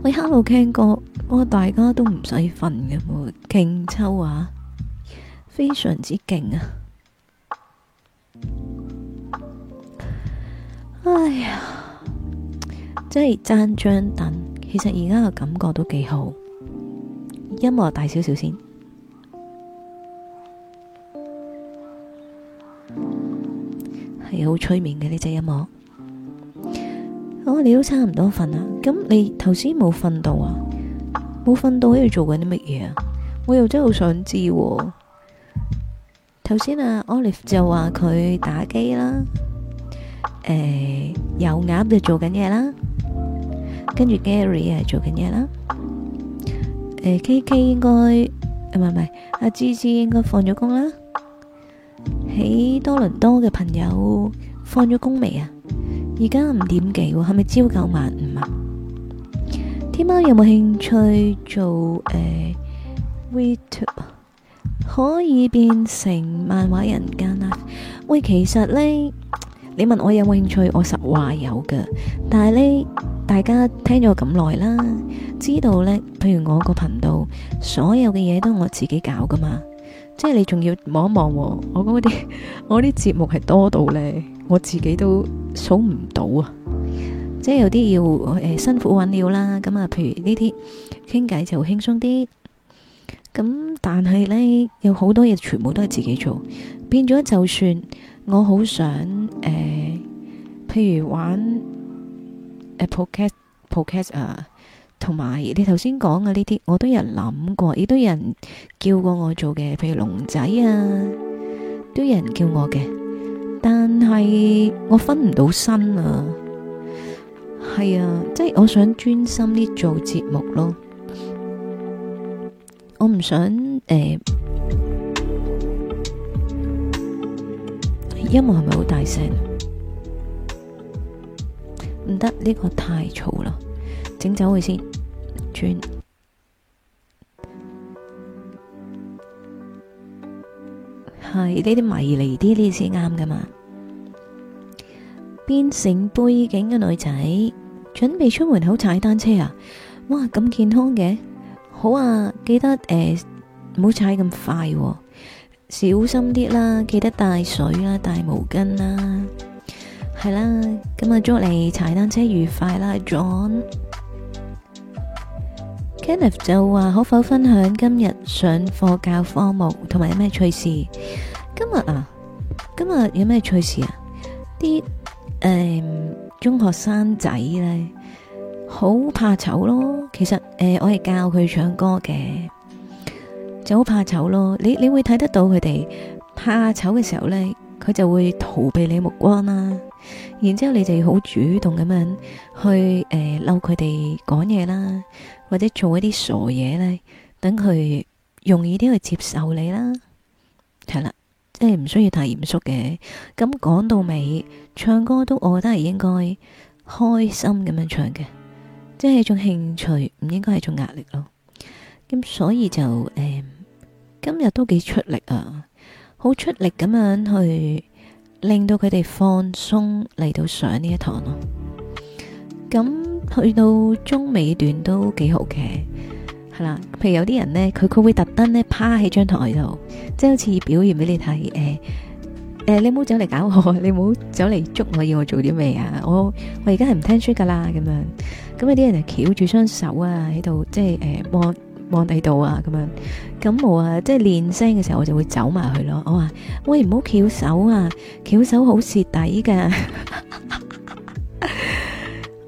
喂 Hello，King 哥，哦，大家都唔使瞓嘅，傾秋啊，非常之勁啊！哎呀，真係爭張凳，但其實而家嘅感覺都幾好。音樂大少少先，係好催眠嘅呢隻音樂。我哋都差唔多瞓啦。咁你頭先冇瞓到啊？冇瞓到喺度做緊啲乜嘢啊？我又真係好想知，哦。頭先啊 Olive 就話佢打機啦。誒、呃，有鴨就做緊嘢啦，跟住 Gary 係做緊嘢啦。誒、呃、KK 應該唔係唔係，阿芝芝應該放咗工啦。喺多倫多嘅朋友放咗工未啊？而家五點幾，係、呃、咪朝九晚五啊？天喵有冇興趣做誒？VTuber 可以變成漫畫人間啊？喂，其實呢。你問我有冇興趣，我實話有㗎。但係呢，大家聽咗咁耐啦，知道呢，譬如我個頻道所有嘅嘢都我自己搞噶嘛，即係你仲要望一望喎，我嗰啲，我啲節目係多到呢，我自己都數唔到啊！即係有啲要、呃、辛苦揾料啦，咁啊，譬如呢啲傾偈就輕鬆啲。咁但係呢，有好多嘢全部都係自己做，變咗就算。我好想誒、呃，譬如玩誒、呃、podcast、podcast 啊，同埋你頭先講嘅呢啲，我都有人諗過，亦都有人叫過我做嘅，譬如龍仔啊，都有人叫我嘅，但係我分唔到身啊，係啊，即、就、係、是，我想專心啲做節目咯，我唔想誒。呃音樂係咪好大聲？唔得，呢個太嘈啦，整走佢先。轉係呢啲迷離啲，呢啲先啱噶嘛。變成背景嘅女仔，準備出門口踩單車啊！哇，咁健康嘅，好啊，記得誒，呃，唔好踩咁快啊。小心啲啦，記得帶水啦，帶毛巾啦，係啦。今日祝你踩單車愉快啦，John。Kenneth 就話可否分享今日上課教科目同埋咩趣事？今日啊，今日有咩趣事啊？啲誒、呃、中學生仔咧好怕醜咯。其實誒、呃，我係教佢唱歌嘅。就好怕醜咯，你你會睇得到佢哋怕醜嘅時候呢，佢就會逃避你目光啦。然之後你就好主動咁樣去誒，嬲佢哋講嘢啦，或者做一啲傻嘢呢，等佢容易啲去接受你啦。係啦，即係唔需要太嚴肅嘅。咁講到尾，唱歌都我覺得係應該開心咁樣唱嘅，即係一種興趣，唔應該係種壓力咯。咁所以就誒。呃今日都幾出力啊，好出力咁樣去令到佢哋放鬆嚟到上呢一堂咯、啊。咁去到中尾段都幾好嘅，係、嗯、啦。譬如有啲人咧，佢佢會特登咧趴喺張台度，即係好似表現俾你睇。誒、呃、誒、呃，你唔好走嚟搞我，你唔好走嚟捉我要我做啲咩啊？我我而家係唔聽書噶啦咁樣。咁有啲人就翹住雙手啊喺度，即係誒、呃望你度啊，咁樣咁我啊，即係練聲嘅時候，我就會走埋去咯。我話喂，唔好翹手啊，翹手好蝕底噶。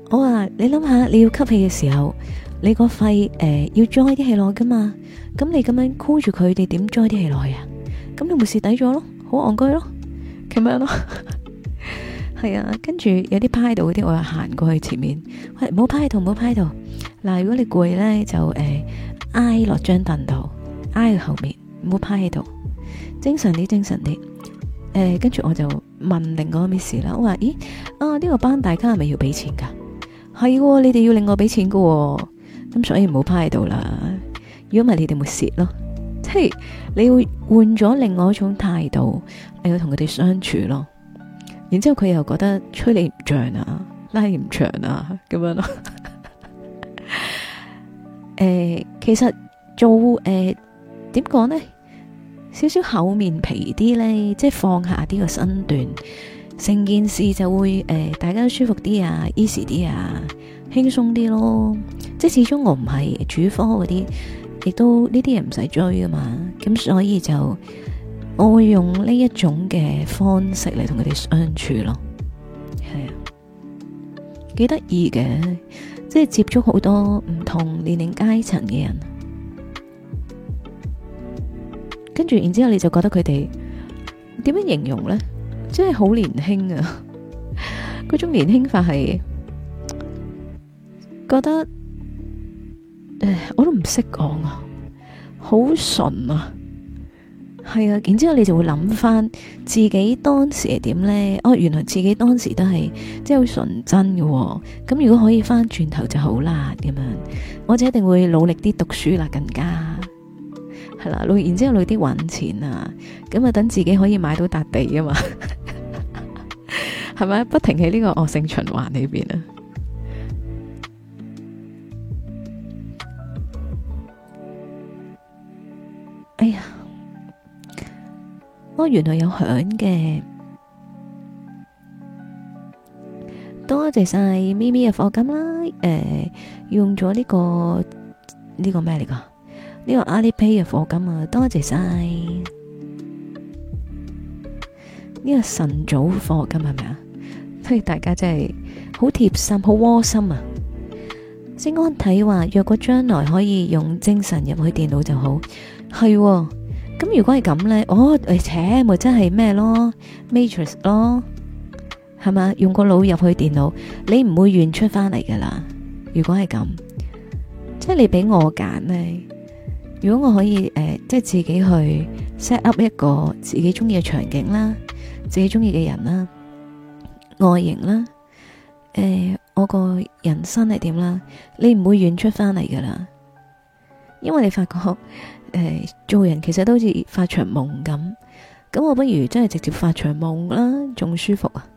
我話你諗下，你要吸氣嘅時候，你個肺誒要裝啲氣落噶嘛？咁你咁樣箍住佢哋，點裝啲氣落去啊？咁你咪蝕底咗咯，好戇居咯，咁樣咯。係啊，跟住有啲趴喺度嗰啲，我行過去前面，喂，唔好趴喺度，唔好趴喺度。嗱，如果你攰咧，就誒。挨落張凳度，挨個後面，唔好趴喺度，精神啲，精神啲。誒、呃，跟住我就問另外咩事啦，我話咦，啊呢、呢個班大家係咪要俾錢噶？係，你哋要另外俾錢噶，咁所以唔好趴喺度啦。如果唔係你哋蝕咯，即係你要換咗另外一種態度，你要同佢哋相處咯。然之後佢又覺得吹你唔脹啊，拉唔長啊，咁樣咯。誒、呃，其實做誒，點講咧，少少厚面皮啲咧，即係放下啲個身段，成件事就會誒、呃，大家都舒服啲啊，easy 啲啊，輕鬆啲咯。即係始終我唔係主科嗰啲，亦都呢啲人唔使追噶嘛。咁所以就我會用呢一種嘅方式嚟同佢哋相處咯，係啊，幾得意嘅。即係接觸好多唔同年齡階層嘅人，跟住然之後你就覺得佢哋點樣形容咧？即係好年輕啊！嗰 種年輕法係覺得誒，我都唔識講啊，好純啊！係啊，然之後你就會諗翻自己當時係點呢？哦，原來自己當時都係即係好純真嘅、哦。咁如果可以翻轉頭就好啦，咁樣我就一定會努力啲讀書啦，更加係啦。然之後努啲揾錢啊，咁啊等自己可以買到笪地啊嘛，係 咪不停喺呢個惡性循環裏邊啊？哦、原來有響嘅，多謝晒咪咪嘅課金啦。誒、呃，用咗呢、這個呢、這個咩嚟噶？呢、這個 AliPay 嘅課金啊，多謝晒。呢、這個晨早課金係咪啊？所以大家真係好貼心，好窩心啊！星安睇話，若果將來可以用精神入去電腦就好，係、哦。咁如果係咁咧，哦，而且咪真係咩咯，Matrix 咯，係嘛？用個腦入去電腦，你唔會願出翻嚟噶啦。如果係咁，即係你俾我揀咧，如果我可以誒、呃，即係自己去 set up 一個自己中意嘅場景啦，自己中意嘅人啦，外形啦，誒、呃，我個人生係點啦，你唔會願出翻嚟噶啦，因為你發覺。做人其實都好似發場夢咁，咁我不如真係直接發場夢啦，仲舒服啊！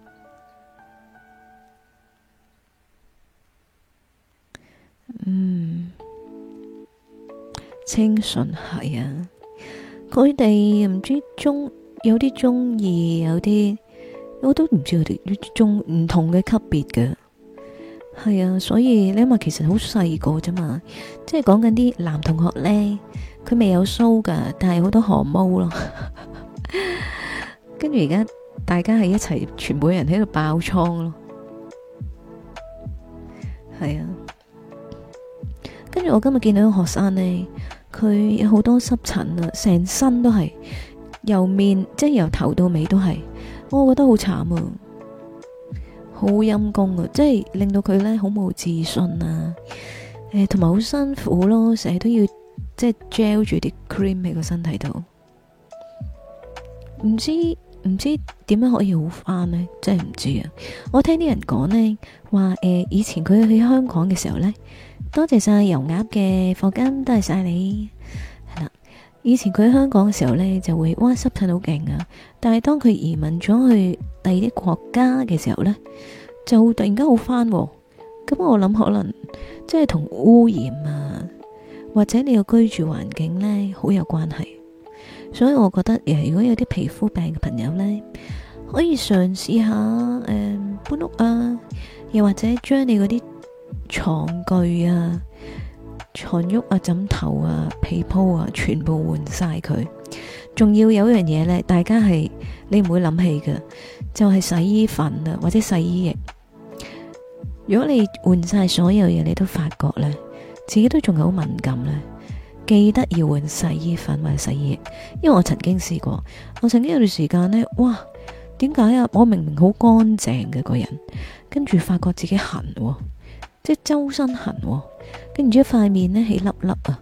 嗯，清純係啊，佢哋唔知中有啲中意，有啲我都唔知佢哋中唔同嘅級別嘅，係啊，所以你話其實好細個啫嘛，即係講緊啲男同學呢。佢未有鬚㗎，但係好多寒毛咯。跟住而家大家係一齊，全部人喺度爆瘡咯。係啊。跟住我今日見到個學生呢，佢有好多濕疹啊，成身都係由面，即係由頭到尾都係。我，我覺得好慘啊，好陰功啊，即係令到佢咧好冇自信啊。誒、呃，同埋好辛苦咯，成日都要。即係 gel 住啲 cream 喺個身體度，唔知唔知點樣可以好翻呢？真係唔知啊！我聽啲人講呢，話誒，以前佢去香港嘅時候呢，多謝晒油鴨嘅房間，多謝晒你係啦。以前佢喺香港嘅時候呢，就會哇濕褪到勁啊！但係當佢移民咗去第二啲國家嘅時候呢，就會突然間好翻哦。咁我諗可能即係同污染啊。或者你個居住環境呢，好有關係，所以我覺得如果有啲皮膚病嘅朋友呢，可以嘗試下、呃、搬屋啊，又或者將你嗰啲床具啊、床褥啊、枕頭啊、被鋪啊，全部換晒佢。仲要有樣嘢呢，大家係你唔會諗起嘅，就係、是、洗衣粉啊或者洗衣液。如果你換晒所有嘢，你都發覺呢。自己都仲係好敏感呢，記得要換洗衣粉或者洗衣液，因為我曾經試過，我曾經有段時間呢，哇，點解啊？我明明好乾淨嘅個人，跟住發覺自己痕，即係周身痕，跟住一塊面呢，起粒粒啊，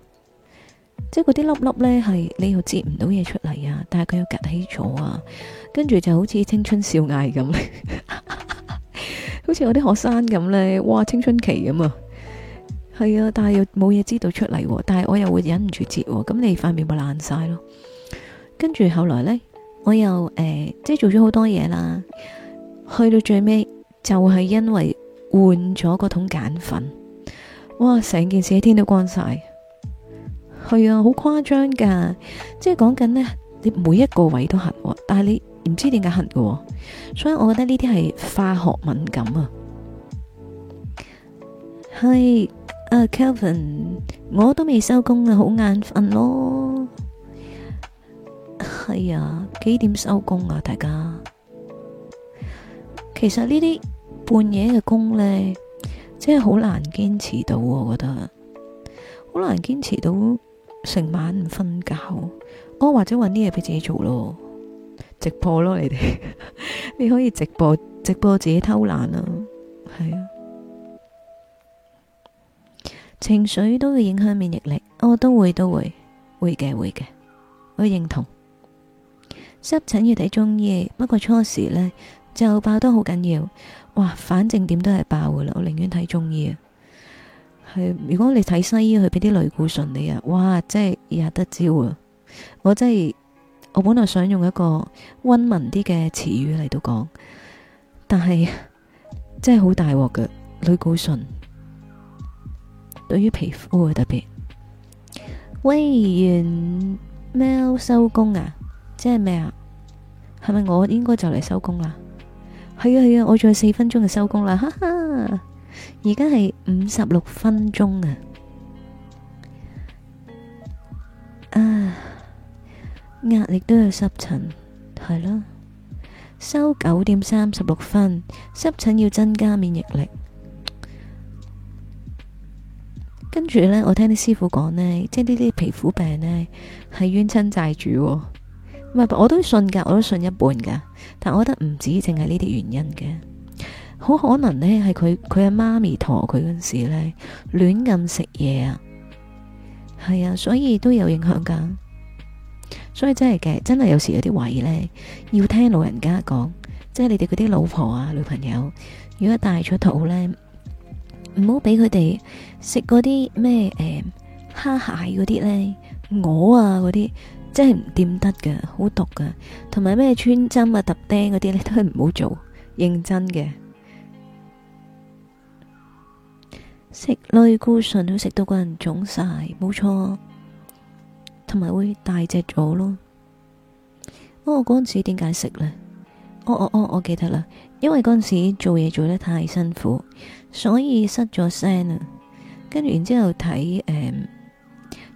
即係嗰啲粒粒呢，係你又揭唔到嘢出嚟啊，但係佢又夾起咗啊，跟住就好似青春少艾咁，好 似我啲學生咁呢。哇，青春期咁啊。係啊，但係又冇嘢知道出嚟，但係我又會忍唔住接，咁你塊面咪爛晒咯。跟住後來呢，我又誒、呃，即係做咗好多嘢啦。去到最尾就係因為換咗嗰桶鹼粉，哇！成件事天都光晒。係啊，好誇張噶，即係講緊呢，你每一個位都痕，但係你唔知點解痕嘅，所以我覺得呢啲係化學敏感啊，係。啊，Kevin，uh, 我都未收工啊，好眼瞓咯。係、哎、啊，幾點收工啊？大家，其實呢啲半夜嘅工咧，真係好難堅持到，我覺得好難堅持到成晚唔瞓覺，我、哦、或者搵啲嘢俾自己做咯，直播咯，你哋， 你可以直播，直播自己偷懶啊，係啊。情緒都會影響免疫力，我都會都會會嘅會嘅，我認同。濕疹要睇中醫，不過初時呢就爆得好緊要，哇，反正點都係爆噶啦，我寧願睇中醫啊。係如果你睇西醫，去俾啲類固醇你啊，哇，真係廿得招啊！我真係我本來想用一個溫文啲嘅詞語嚟到講，但係真係好大鑊嘅類固醇。對於皮膚會特別。喂，完喵收工啊，即係咩啊？係咪我應該就嚟收工啦？係啊係啊，我仲有四分鐘就收工啦，哈哈！而家係五十六分鐘啊，壓力都有濕疹，係咯。收九點三十六分，濕疹要增加免疫力。跟住呢，我聽啲師傅講呢，即係呢啲皮膚病呢，係冤親債主，啊，唔係我都信噶，我都信一半噶。但我覺得唔止淨係呢啲原因嘅，好可能呢係佢佢阿媽咪陀佢嗰陣時呢亂咁食嘢啊，係啊，所以都有影響噶。所以真係嘅，真係有時有啲位呢，要聽老人家講，即係你哋嗰啲老婆啊、女朋友，如果大咗肚呢，唔好俾佢哋。食嗰啲咩誒蝦蟹嗰啲呢？鵝啊嗰啲，真係唔掂得嘅，好毒嘅，同埋咩穿針啊、揼釘嗰啲呢，都係唔好做，認真嘅。食類固醇都食到個人腫晒，冇錯，同埋會大隻咗咯。我嗰陣時點解食呢？我我我我記得啦，因為嗰陣時做嘢做得太辛苦，所以失咗聲啊。跟住，然之後睇誒、嗯，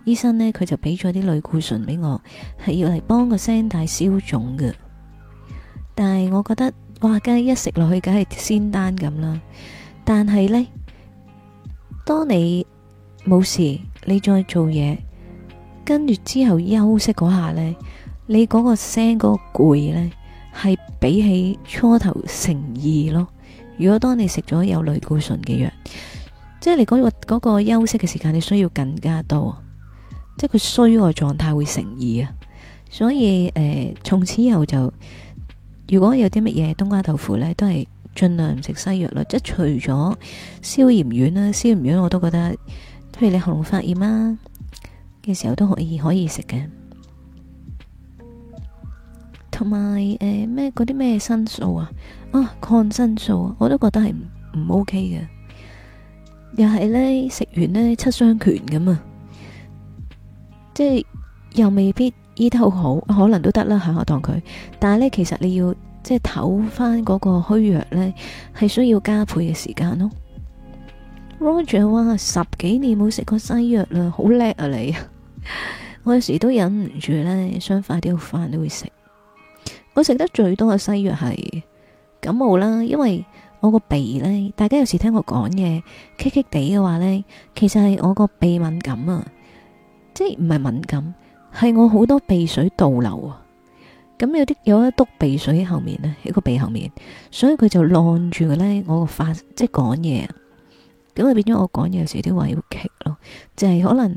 醫生呢，佢就俾咗啲類固醇俾我，係要嚟幫個聲帶消腫嘅。但係我覺得，哇，梗係一食落去梗係仙丹咁啦。但係呢，當你冇事，你再做嘢，跟住之後休息嗰下呢，你嗰個聲嗰個攰呢係比起初頭成二咯。如果當你食咗有類固醇嘅藥。即係你嗰個、嗰個休息嘅時間，你需要更加多。即係佢衰弱狀態會成二啊，所以誒、呃，從此以後就如果有啲乜嘢冬瓜豆腐呢，都係盡量唔食西藥啦。即係除咗消炎丸啦，消炎丸我都覺得譬如你喉嚨發炎啦，嘅時候都可以可以食嘅。同埋誒咩嗰啲咩生素啊，啊抗生素啊，我都覺得係唔 OK 嘅。又係呢，食完呢七傷拳咁啊，即係又未必醫得好好，可能都得啦，吓，我當佢。但係呢，其實你要即係唞翻嗰個虛弱呢，係需要加倍嘅時間咯。Roger 話十幾年冇食過西藥啦，好叻啊你！ 我有時都忍唔住呢，想快啲好返都會食。我食得最多嘅西藥係感冒啦，因為。我個鼻呢，大家有時聽我講嘢，棘棘地嘅話呢，其實係我個鼻敏感啊，即係唔係敏感，係我好多鼻水倒流啊。咁有啲有一篤鼻水喺後面咧，喺個鼻後面，所以佢就晾住嘅呢。我個發即係講嘢，咁啊變咗我講嘢有時都話要棘咯，就係、是、可能誒、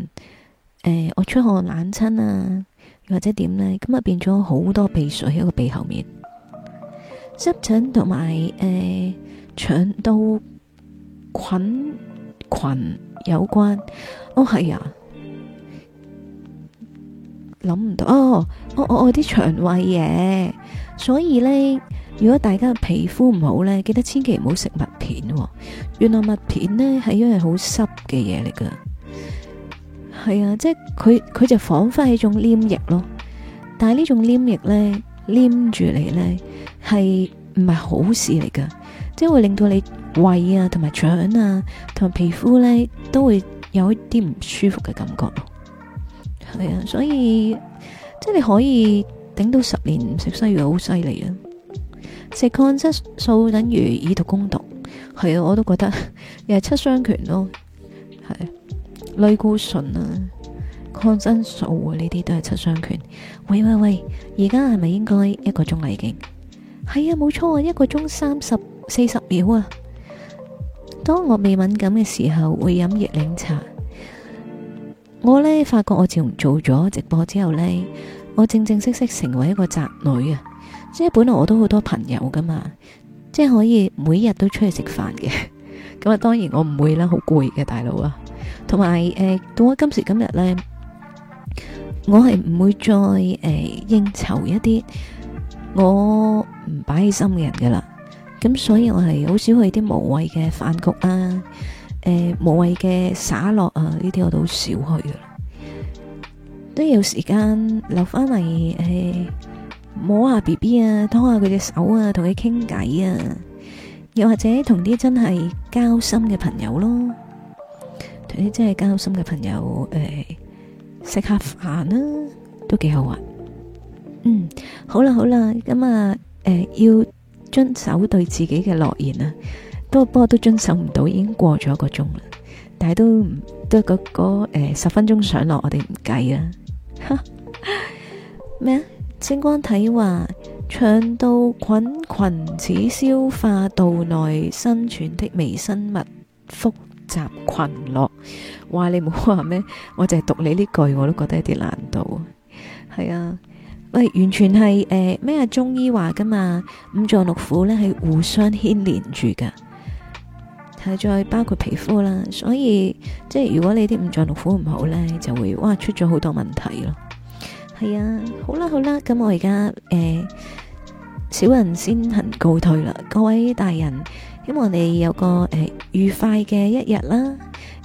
呃、我出汗冷親啊，或者點呢？咁啊變咗好多鼻水喺個鼻後面，濕疹同埋誒。呃腸道菌群有關，哦係啊，諗唔到哦，我我我啲腸胃嘢、啊，所以咧，如果大家嘅皮膚唔好咧，記得千祈唔好食麥片、哦。原來麥片咧係因為好濕嘅嘢嚟噶，係啊，即係佢佢就仿佛係種黏液咯，但係呢種黏液咧黏住你咧係唔係好事嚟噶？即係會令到你胃啊，同埋腸啊，同埋皮膚呢，都會有一啲唔舒服嘅感覺。係啊，所以即係你可以頂到十年唔食西藥，好犀利啊！食抗生素等於以毒攻毒，係啊，我都覺得 又係七傷拳咯，係啊，類固醇啊、抗生素啊，呢啲都係七傷拳。喂喂喂，而家係咪應該一個鐘嚟已經？係啊，冇錯啊，一個鐘三十，四十秒啊！當我未敏感嘅時候，會飲熱檸茶。我呢發覺我自從做咗直播之後呢，我正正式式成為一個宅女啊！即係本來我都好多朋友噶嘛，即係可以每日都出去食飯嘅。咁啊，當然我唔會啦，好攰嘅大佬啊。同埋誒，到我今時今日呢，我係唔會再誒、呃、應酬一啲我唔擺起心嘅人噶啦。咁所以我係好少去啲無謂嘅飯局啊，誒無謂嘅耍樂啊呢啲我都好少去嘅，都有時間留翻嚟誒摸下 B B 啊，拖下佢隻手啊，同佢傾偈啊，又或者同啲真係交心嘅朋友咯，同啲真係交心嘅朋友誒食下飯啦，都幾好啊，嗯好啦好啦，咁啊誒要。遵守對自己嘅諾言啊，不過不過都遵守唔到，已經過咗一個鐘啦。但係都都嗰嗰十分鐘上落我哋唔計啊。咩 啊？星光體話，腸道菌群指消化道內生存的微生物複雜群落。話你冇好話咩，我淨係讀你呢句，我都覺得有啲難度。啊。係啊。喂，完全係誒咩中醫話噶嘛？五臟六腑咧係互相牽連住噶，係再包括皮膚啦。所以即係如果你啲五臟六腑唔好咧，就會哇出咗好多問題咯。係啊，好啦好啦，咁、嗯、我而家誒小人先行告退啦。各位大人，希望你有個誒、呃、愉快嘅一日啦。誒、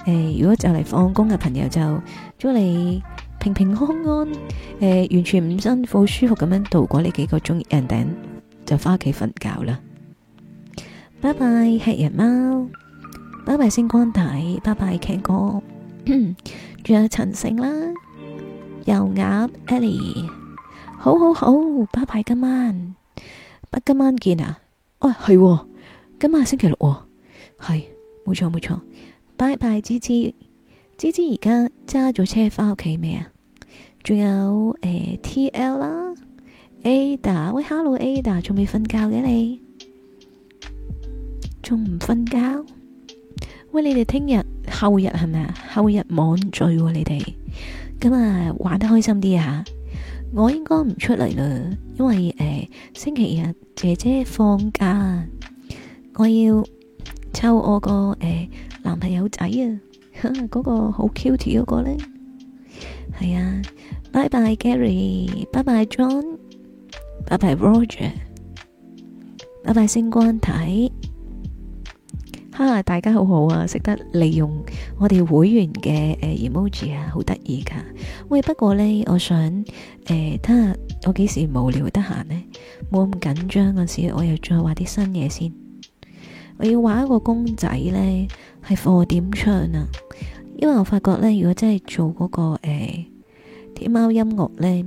呃，如果就嚟放工嘅朋友就祝你。平平安安，誒、呃，完全唔辛苦，舒服咁樣度過呢幾個鐘 ending，就翻屋企瞓覺啦。拜拜，黑人貓，拜拜，星光大。拜拜，K 哥，仲 有陳勝啦，油鴨 Ellie，好好好，拜拜，今晚，不今晚見啊，喂、哎，係、哦，今晚係星期六、哦，係，冇錯冇錯，拜拜，bye bye, 芝芝，芝芝而家揸咗車翻屋企未啊？仲有誒、欸、T L 啦，Ada 喂，hello，Ada，仲未瞓覺嘅你，仲唔瞓覺？喂，你哋聽日後日係咪啊？後日網聚、啊、你哋，咁啊玩得開心啲啊！我應該唔出嚟啦，因為誒、欸、星期日姐姐放假，我要湊我個誒、欸、男朋友仔啊，嗰、那個好 cute 嗰個咧，係啊。拜拜，Gary！拜拜，John！拜拜，Roger！拜拜，星光體！哈， 大家好好啊，識得利用我哋會員嘅 emoji 啊，好得意㗎。喂，不過呢，我想誒，睇、呃、下我幾時無聊得閒呢？冇咁緊張嗰時，我又再畫啲新嘢先。我要畫一個公仔咧，係我點唱啊？因為我發覺咧，如果真係做嗰、嗰個誒。呃啲貓音樂咧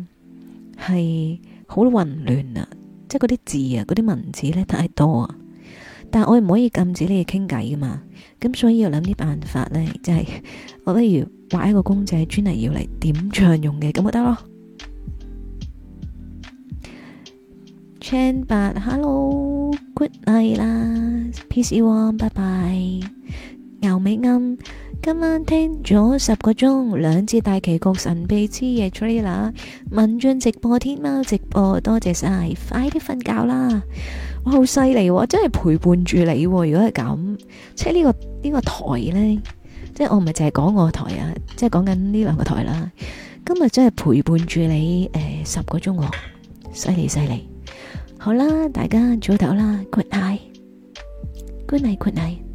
係好混亂啊，即係嗰啲字啊，嗰啲文字咧太多啊。但係我又唔可以禁止你哋傾偈噶嘛，咁所以要諗啲辦法咧，就係我不如畫一個公仔，專嚟要嚟點唱用嘅，咁咪得咯。Chan 八，Hello，Good night 啦，Peace you all，拜拜，牛尾啱。今晚聽咗十個鐘，兩次大旗局神秘之夜 trailer，文進直播，天喵直播，多謝晒，快啲瞓覺啦！哇，好犀利喎，真係陪伴住你、哦。如果係咁，即係呢、這個呢、這個台呢？即係我咪淨係講我台啊，即係講緊呢兩個台啦。今日真係陪伴住你誒、呃，十個鐘喎、哦，犀利犀利。好啦，大家早唞啦，good night，good night，good night。Night,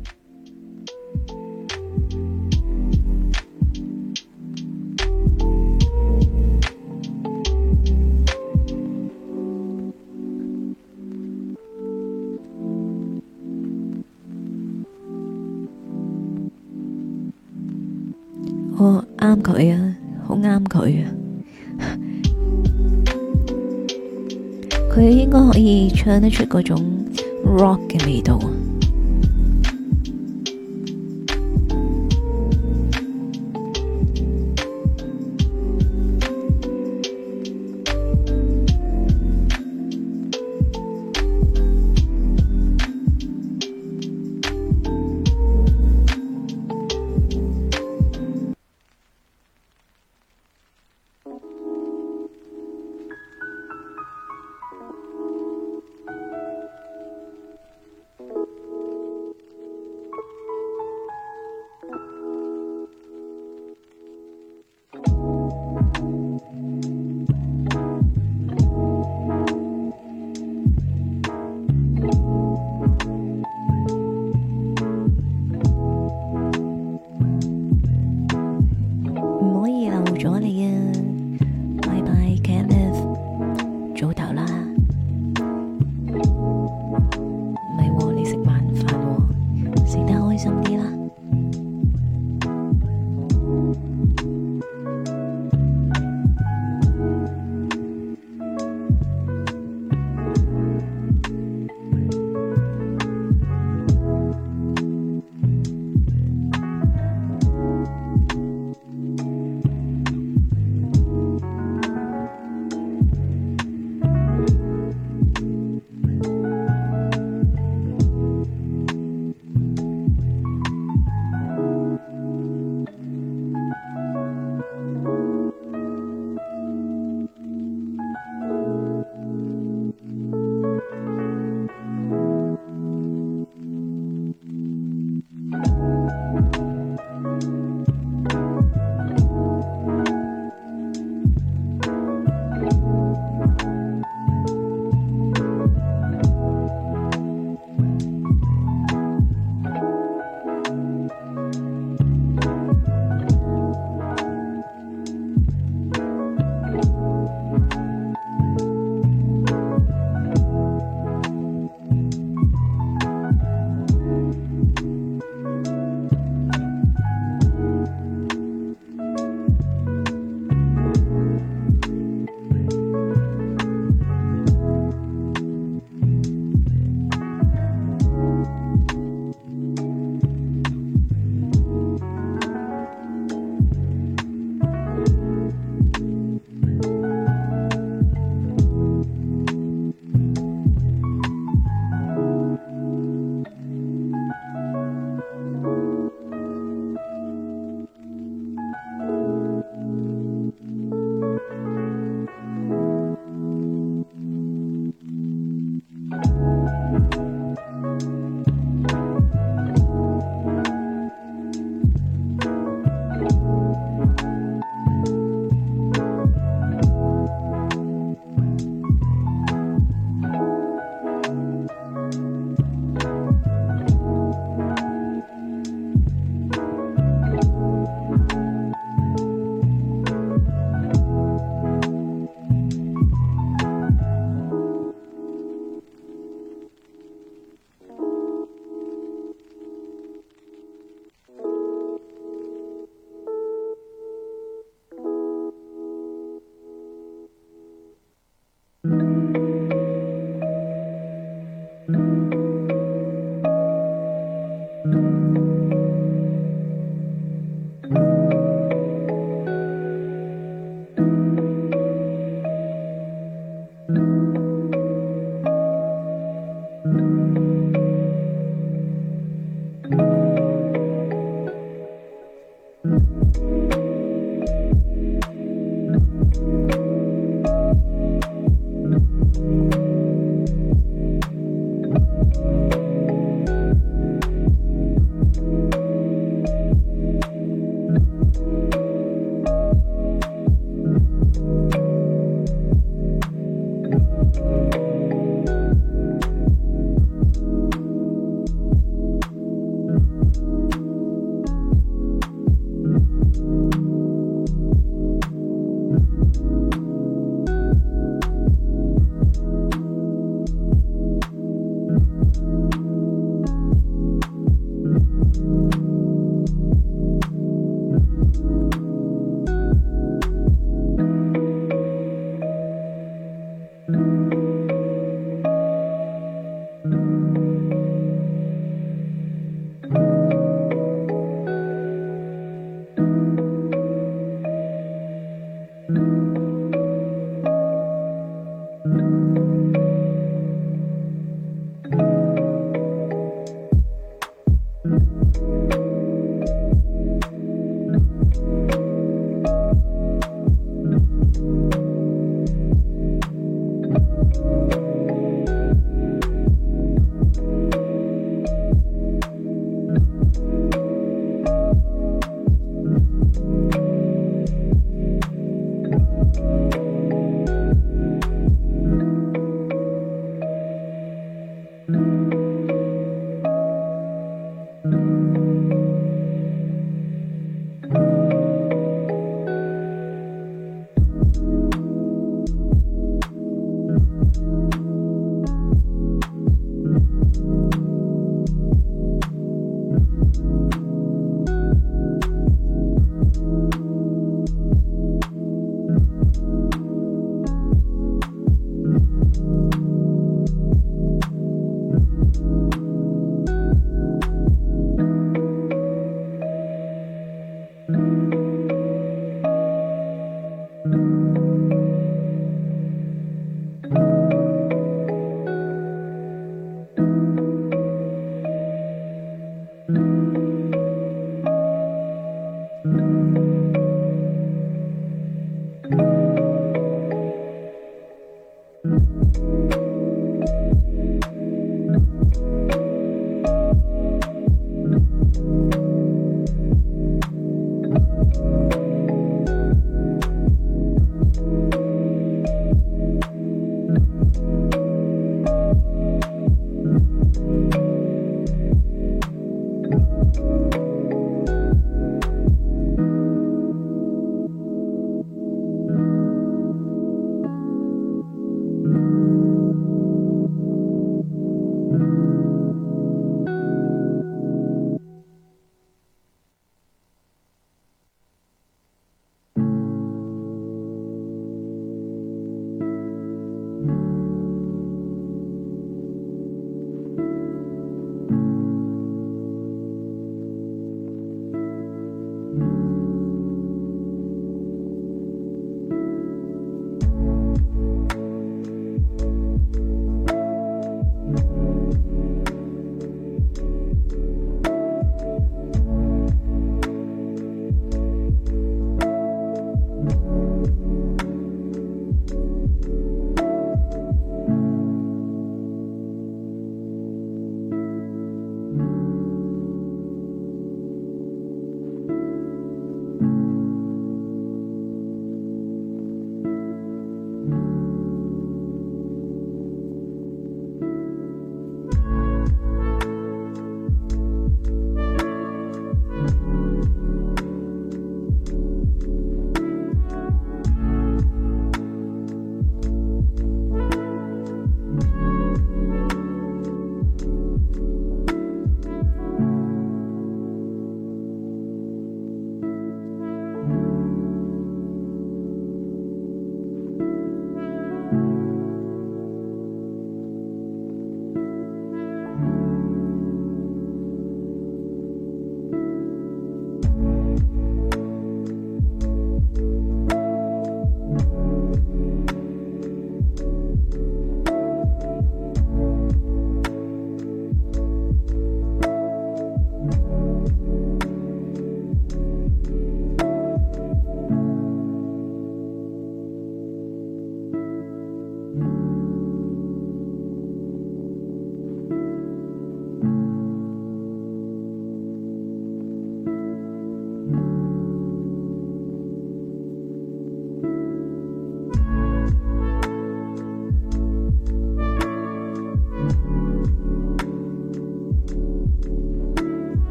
啱佢啊，好啱佢啊，佢、 哦、 應該可以唱得出嗰種 rock 嘅味道。